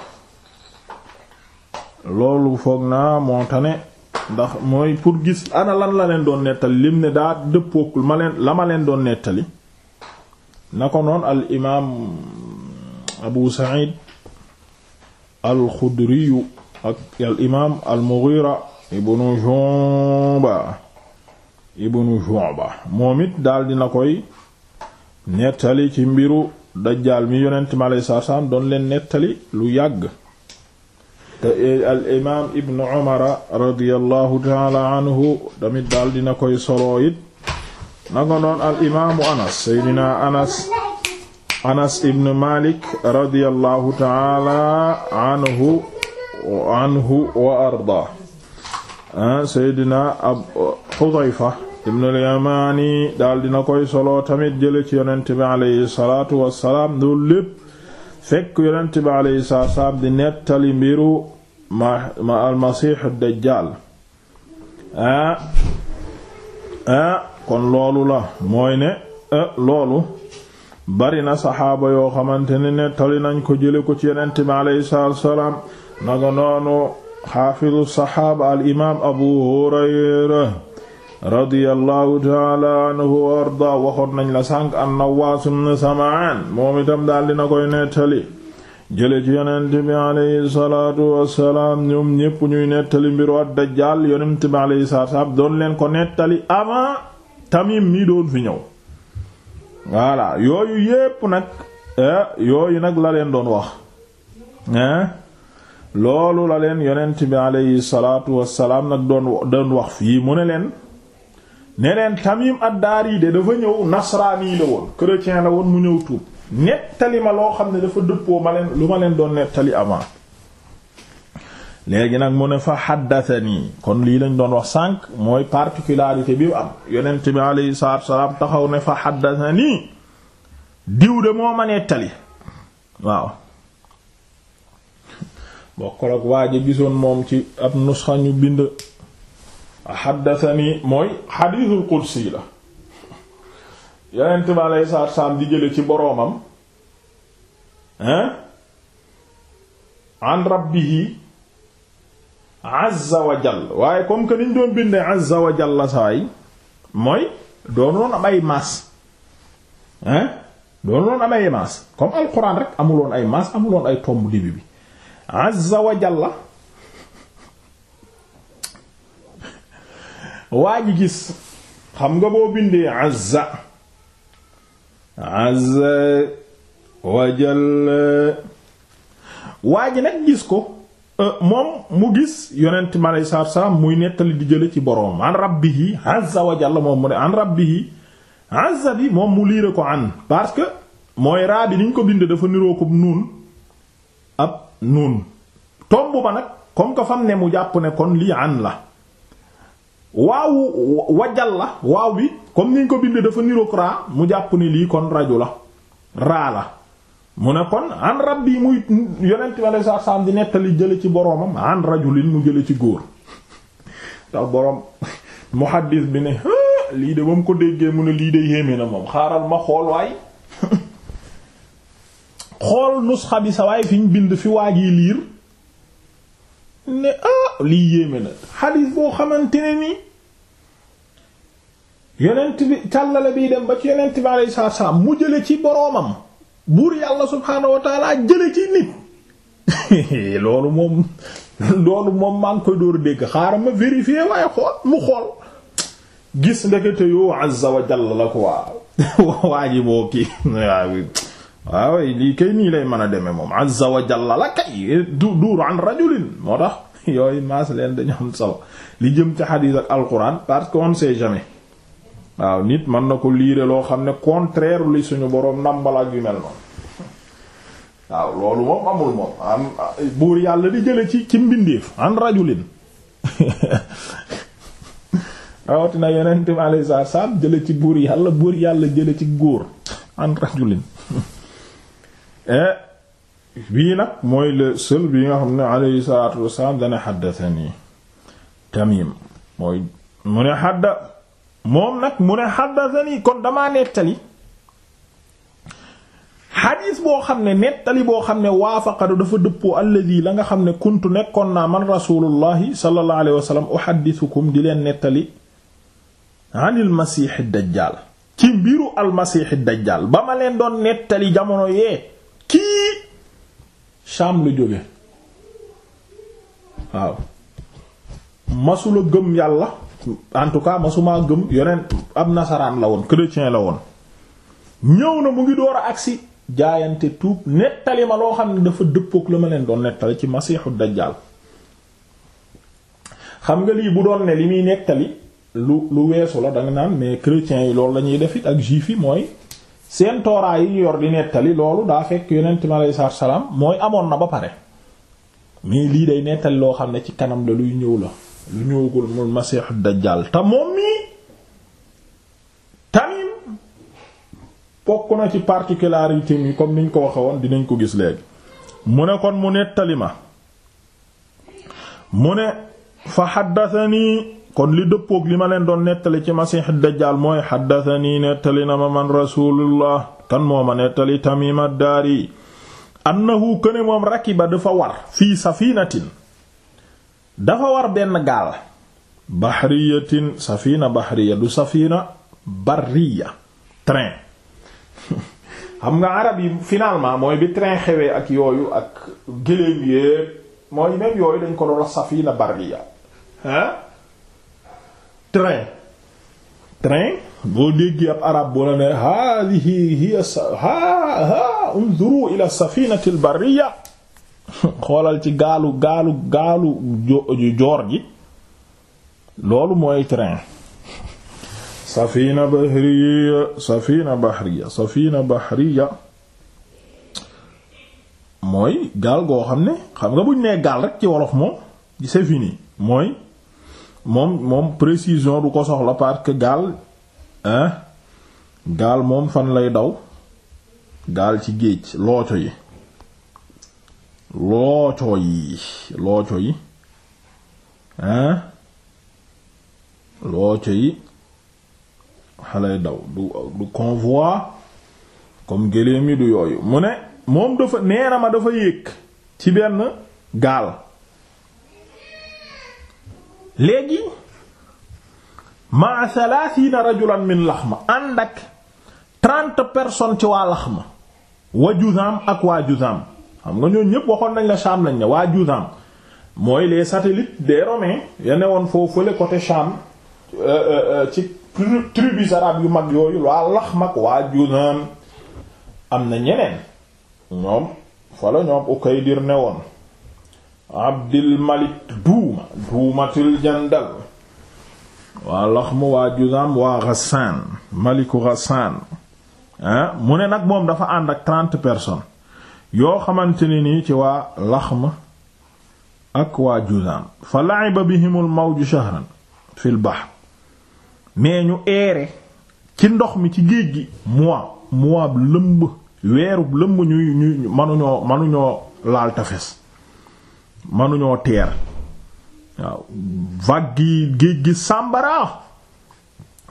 loolu foog naa moo tane ndax mooy pour gis ana la leen doon nettali lim ne daa dëppookul ma leen la ma leen doon nettali na ko noon al imaam Abu Sa'id al Xudri al imaam al Mughira ibnu Shu'ba ibnu Shu'ba moom koy nettali ci mbiru dajjaal mi yonent mi salaam doon leen nettali lu yàgg te al imaam ibnu Umar radiyallahu ta'ala anhu tamit daal dina koy solo nanga noon al imaamu anas seydina anas anas ibn malik radiyallahu taala anhu anhu wa arda seydina ab xudayfa ibn al yamani daal dina koy solo tamit jële ci yonent bi alayhi salaatu wassalaam loolu fekk yonent alayhi salaatu wassalaam di nettali mbiru ma ma al kon loolu la mooy ne eh, loolu bari na saxaaba yoo xamante ne nettali nañ ko jële ko ci yonent bi alayhi salaatu wassalaam naka noonu xaafidu saxaaba al imaam abu hurayra radiyallahu taala anhu wa arda waxoon nañ la sànq an Nawwaas ibn Samaan moom itam daal dina koy nettali jële ci yonent bi alayhi salaatu wassalaam ñoom ñépp ñuy nettali mbiru ad-Dajjaal yonent bi alayhi salaatu doon leen ko nettali avant Tamim mii doon fi ñëw voilà yooyu yépp nag eh, yooyu nag la leen doon wax eh, loolu la leen yonent bi aleyhi salaatu wassalaam nag doon doon wax fii mu ne leen ne leen Tamim ad-Dari de dafa ñëw nasraani la woon chrétien la woon mu ñëw tuub nettali ma loo xam ne dafa dëppoo ma leen lu ma leen doon nettali avant léegi nag mu ne fa xaddatani kon lii lañ doon wax sànq mooy particularité bi am yonent bi alayhi salaatu wasalaam taxaw ne fa xaddatani diw de moo ma nettali waaw bokkul ak waa gisoon moom ci ab nusxa ñu bind xaddatani mooy xadiisul qudsi la yonent bi alayhi salaatu wasalaam di jële ci boroomam hein an rabbihi azza waaye comme que niñ doon bindee azza wa jall saay mooy doonoon am ay maas hein doonoon am ay maas comme alquran rek amuloon ay maas amuloon ay tomb début bi azza wa <laughs> gis xam nga boo bindee azza azza wa jalla nag gis ko Euh, moom mu gis yonent mi aleyhi salaatu salaam muy nettali di jële ci boroom an rabbihi azza wa jalla moom mu ne an rabbihi azza bi moom mu liire ko an parce que mooy raa bi niñ ko bind dafa niroo ko nuun ab nuun tomb ba nag comme que fam ne mu jàpp ne kon lii an la waaw wajal la waaw bi comme niñ ko bind dafa niroog raa mu jàpp ne lii kon raju la raa la mu ne kon an rabbi muy yonent ma saa saam di nettali jële ci boroomam an rajulin mu jële ci góor tax boroom muhaddis bi ne lii de ba mu ko déggee mu ne lii de yéeme na moom xaaral ma xool waay <laughs> ñu bind fi waaj yi liir boo xamante ne nii yonent bi càllale biy dem ba ci yonent bi alayhi salaam mu jële ci boroomam buur yàlla subhaanahu wa taala jële ci nit <laughs> loolu moom loolu moom maa ngi koy dóor dégg xaaral ma vérifier waaye xool mu xool gis ndekete yoo azza wa jalla la ko waa <laughs> waa ji boo kii waaw lii kay nii lay mën a demee moom azza wa jalla la kay du duur an rajulin moo <laughs> yooyu maas leen dañu am solo li jëm ci xadiis ak alquran parce qu'on sait jamais waaw nit mën na ko liire loo xam ne contraire li suñu boroom nàmbal ak yu mel noonu waaw loolu moom amul moom am buur yàlla di jële ci ci mbindeef an rajulin <laughs> rawatina yonent bi alayhi salaatu salaam jële ci buur yàlla buur yàlla jële ci góor an rajulin <laughs> eh, bii nag mooy le seul bi nga xam ne alayhi salaatu wasalaam dana xaddathani tamim mooy mu ne xadda moom nag mu ne haddathani kon dama nettali xadiis boo xam ne nettali boo xam ne waafaqadu dafa dëppoo alladi la nga xam ne kuntu nekkoon naa man rasulullahi sallallahu alayhi wa sallam uhaddithukum di leen nettali anil masiixi dajjaal ci mbiru al masiixi dajjaal ba ma leen doon nettali jamono yee kii Sham lu jóge waaw masula gëm yàlla en tout cas masumaa gëm yoneen ab nasaraan la woon chrétien la woon ñëw na mu ngi door agsi jaayante tuub nettali ma loo xam ne dafa dëppook la ma leen doon nettali ci masiixu dajjaal xam nga lii bu doon ne li muy nettali lu lu weesu la danga naan mais chrétiens yi loolu la ñuy def it ak juif yi mooy seen tooraa yi yor di nettali loolu daa fekk yonent mi aleyhi salaatu salaam mooy amoon na ba pare mais lii day nettali loo xam ne ci kanam la luy ñëw la lu ñëwagul mul masiixu dajjaal te moom mii tamit bokk na ci particularité mi comme niñ ko waxewoon dinañ ko gis léegi mu ne kon mu nettali ma mu ne fa xaddatani kon li dëppook li ma leen doon nettali ci masiixu dajal mooy xaddatani nettali na ma man rasulullah kan moo ma nettali tamim ad-daari annahu këne moom rakiba dafa war fii safinatin dafa war benn gaal bahriyatin safina bahriya du safina barriya train <laughs> xam nga arab yi finalement mooy bi train xewee ak yooyu ak gëléem yéeg mooy même yooyu dañ ko doon safina barriya hein train train boo déggee ab arab boo la ne hadihi hiya ha ha unzuru ila safinati al barriya xoolal ci gaalu gaalu gaalu joor gi loolu mooy train safina bahriya safina bahriya safina bahriya mooy gaal goo xam ne xam nga buñ nee gaal rek ci wolof moom c'est fini mooy moom moom précision du ko soxla parce que gaal hein gaal moom fan lay daw gaal ci géej looco yi looco yi looco yi hein eh? looco yi xalay daw du du convoi comme géléem yi du yooyu mu ne moom dafa neena ma dafa yéeg ci benn gaal léegi ma thalathina rajulan min laxma ànd ak trente personnes ci waa ma wa juzaam ak waa juzaam xam nga ñooñu ñëpp waxoon nañ la Cham lañ ne waa Judam mooy les satellites des Romains ya woon foofu fële côté Cham euh, euh, euh, ci tribus arabes yu mag yooyu waa Laxmak waa Judam am na ñeneen ñoom fala ñoom Ukaydir newoon Abdul Malik Duuma Duumatul Jandal waa Laxm waa Judam waa Ghassan Maliku Ghassan mu ne nag moom dafa ànd ak trente personnes yoo xamante ne nii ci waa laxma ak waa juzaam fa la'iba bihimul mawju shahran fil bahr mais ñu eere ci ndox mi ci géej gi mois mois bu lëmb weerub lëmb ñuy ñuy manuñoo manuñoo laal tafes manuñoo teer waaw vague géej gi sàmbara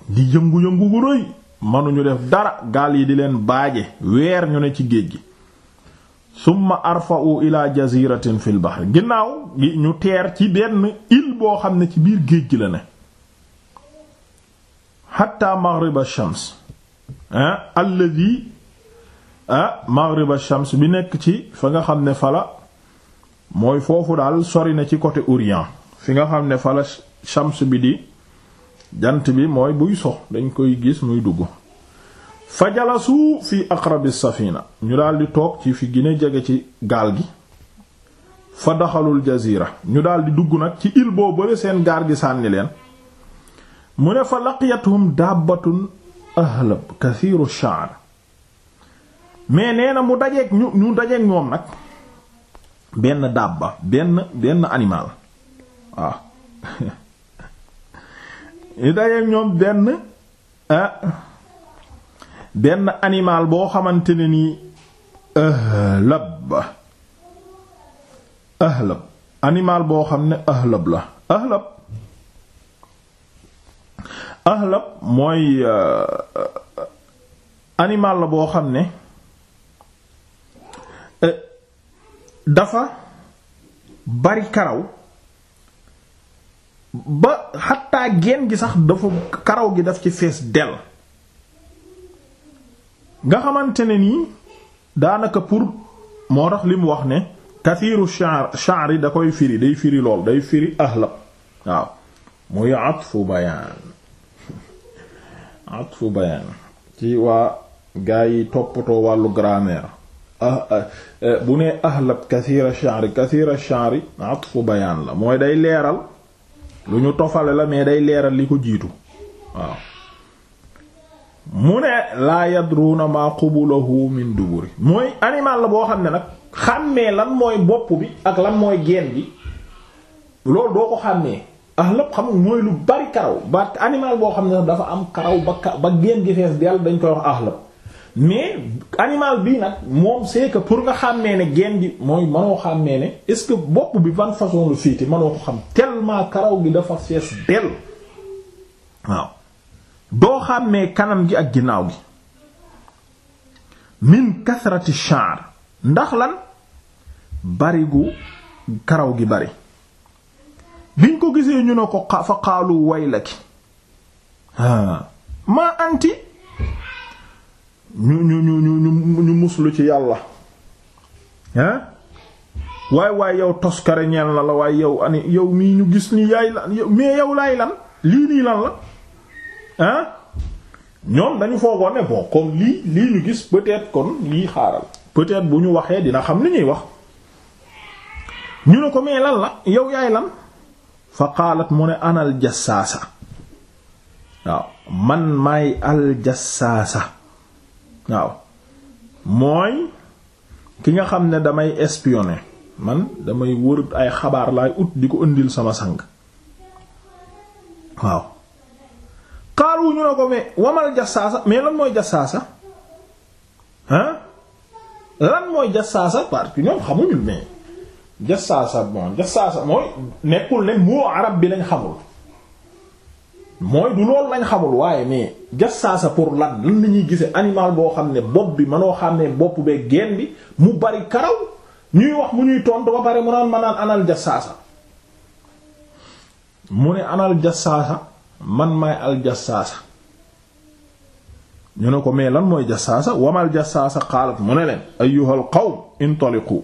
di yëngu-yëngu gu rëy manuñu def dara gaal yi di leen baaje weer ñu ne ci géej gi summa arfa'u ila jaziratin fil bahr ginnaaw gi ñu teer ci benn île boo xam ne ci biir géej gi la ne hatta maghrib ash-shams ah alladhi ah maghrib shams bi nekk ci fa nga xam ne fala mooy foofu daal sori na ci côté orient fi nga xam ne fala shams bi di jant bi mooy buy sox dañ koy gis muy dugg fa jalasu fi aqrabi safina ñu daldi toog ci fi gën jege ci gaal gi fa daxalul jazira ñu daldi dugg nag ci île boo bëre seen gaal gi sànni leen mu ne fa laqiyathum dabbatun ahlab kathiru sha'r mais nee na mu dajeeg ñoom nag benn dabba benn benn animal waaw <laughs> ñu dajeeg ñoom benn ah, benn animal boo xamante ne nii ahlab ahlab animal boo xam ne ahlab la ahlab ahlab mooy euh, animal la boo xam ne euh, dafa bari karaw ba xataa geen gi sax dafa karaw gi daf ci fees del nga xamante ne nii daanaka pour moo tax li mu wax ne kathiru sha'r sha'r da koy firi day firi lool day firi ahlab waaw muy atfu bayaan atfu bayaan ci waa gaa yi toppatoo wàllu grammaire ah, ah, eh, bu ne ahlab kathira sha'ri kathira sha'ri atfu bayaan la mooy day leeral lu ñu tofale la mais day leeral li ko jiitu waaw mu ne laa yadruuna maa qubulahu min duburi mooy animal la boo xam ne nag xàmmee lan mooy bopp bi ak lan mooy gen bi loolu doo ko xàmmee ah lépp xam mooy lu bari karaw ba animal boo xam ne dafa am karaw ba ka ba génn gi fees dell dañ koy wax ah lépp mais animal bi nag moom c'est que pour nga xàmmee ne génn gi mooy mënoo xàmmee ne est-ce que bopp bi ban façon lu féete mënoo ko xam tellement karaw gi dafa fees dell waaw doo xàmmee kanam gi ak ginnaaw gi min kasrati sha'r ndax lan bari gu karaw gi bari biñ ko gisee ñu ne ko fa xaalu waylaki maa anti ñu ñu ñu ñu ñu la ci yàlla ah waay waay yow toskare ñeel na la waaye yow mii ñu gis ni yaay lan mais yow laay lan lii nii lan la ah ñoom dañu foogoon ne bon comme lii lii ñu gis peut-être kon lii xaaral peut bu ñu waxee dina xam li ñuy wax ñu ne ko mais lan la yow yaay lan fa qaalat mu ne anal jassaasa waaw man maay al mooy ki nga xam ne damay espionner man damay wër ay xabaar laay ut di ko indil sama sang waaw xaaru ñu ne ko mais wamal jasaasa mais lan mooy jasaasa ah lan mooy jasaasa parce que ñoom xamuñu mais jasaasa bon jasaasa mooy nekkul ne moo arab bi lañ xamul mooy du loolu lañ xamul waaye mais jasaasa pour lan lan la ñuy gisee animal boo xam ne bopp bi mënoo xam ne bopp bee geen bi mu bari karaw ñuy wax mu ñuy tontu ba pare mu naan ma naan anal jasaasa mu ne anal jasaasa. man maay aljassaasa ñu ne ko mais lan mooy jassaasa wamal jassaasa xaalat mu ne leen ayyuhal qawm intaliqu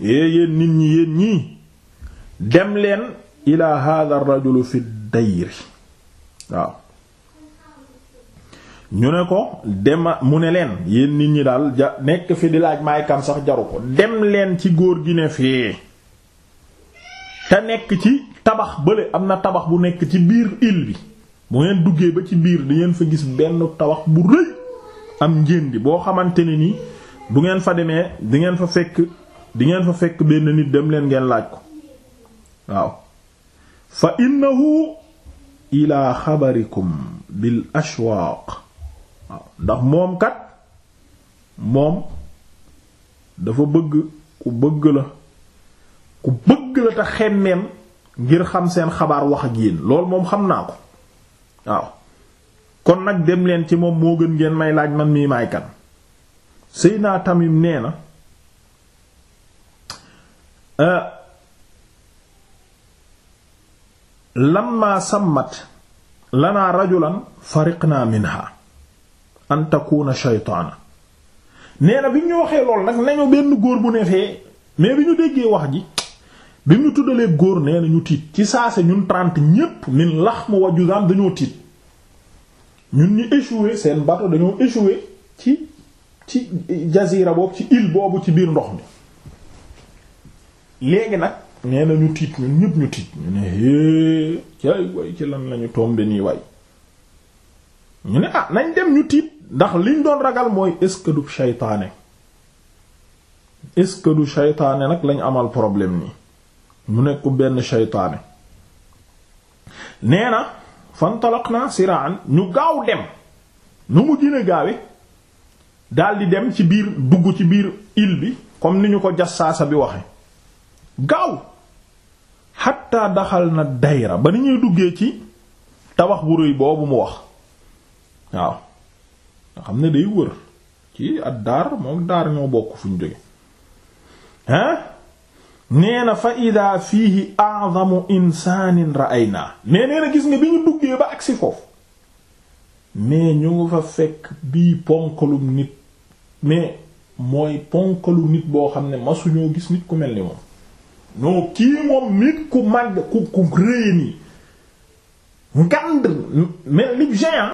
yée yéen nit ñi yéen ñii dem leen ila hadha ar fi dayri waaw ñu ne ko dema mu ne leen yéen nit ñi daal ja nekk fi di laaj maay kan sax jaru ko dem leen ci góor gi ne fee te nekk ci tabax bële am na tabax bu nekk ci biir île bi bu ngeen duggee ba ci biir di ngeen fa gis benn tabax bu rëy am njëndi boo xamante ne ni bu ngeen fa demee di fa fekk di ngeen fa fekk benn nit dem leen ngeen laaj ko waaw fa innahu ila xabarikum bil ashwaaq waaw ndax moom kat moom dafa bëgg ku bëgg la ku bëgg bëgg la te xemmeem ngir xam seen xabaar wax ak yéen loolu moom xam naa ko waaw kon nag dem leen ci moom moo gën ngeen may laaj man mii maay kan naa tamit nee na euh, lamma sammat lanaa rajulan fariqna minha an shaytaana nee na bi ñu waxee lool nag nañu benn góor bu ne fee mais bi ñu déggee wax ji bi mu tuddalee góor nee na ñu tiit ci saa saase ñun trente ñépp min lax mu waju daan dañoo tiit ñun ñu échoué seen bateau dañoo échoué ci ci jazira boobu ci île boobu ci biir ndox mi léegi nag nee na ñu tiit ñun ñépp ñu tiit ñu ne hée cay way ci lan lañu tombé nii way ñu ne ah nañ dem ñu tiit ndax liñ doon ragal mooy est-ce que du seytaane est-ce que du seytaane nag lañu amal problème nii mu nekku benn shaytaane nee na fantalaqna siraan ñu gaaw dem nu mu gën gaawe daldi dem ci biir dugg ci biir île bi comme ni ñu ko jassaasa bi waxe gaaw xatta daxal na dayra ba ni ñuy duggee ci tabax bu rëy boobu mu wax waaw nga xam ne day wër ci ad daar moom daar ñoo bokk fu ñu jóge hein nee na fa ida fiihi a'zamu insanin ra'ayna mais nee na gis nga bi ñu duggee ba agsi foofu mais ñu ngi fa fekk bii ponkalum nit mais mooy ponkalu nit boo xam ne masuñoo gis nit ku mel ni moom non kii moom nit ku màgg ku ku réye nii mel ni géant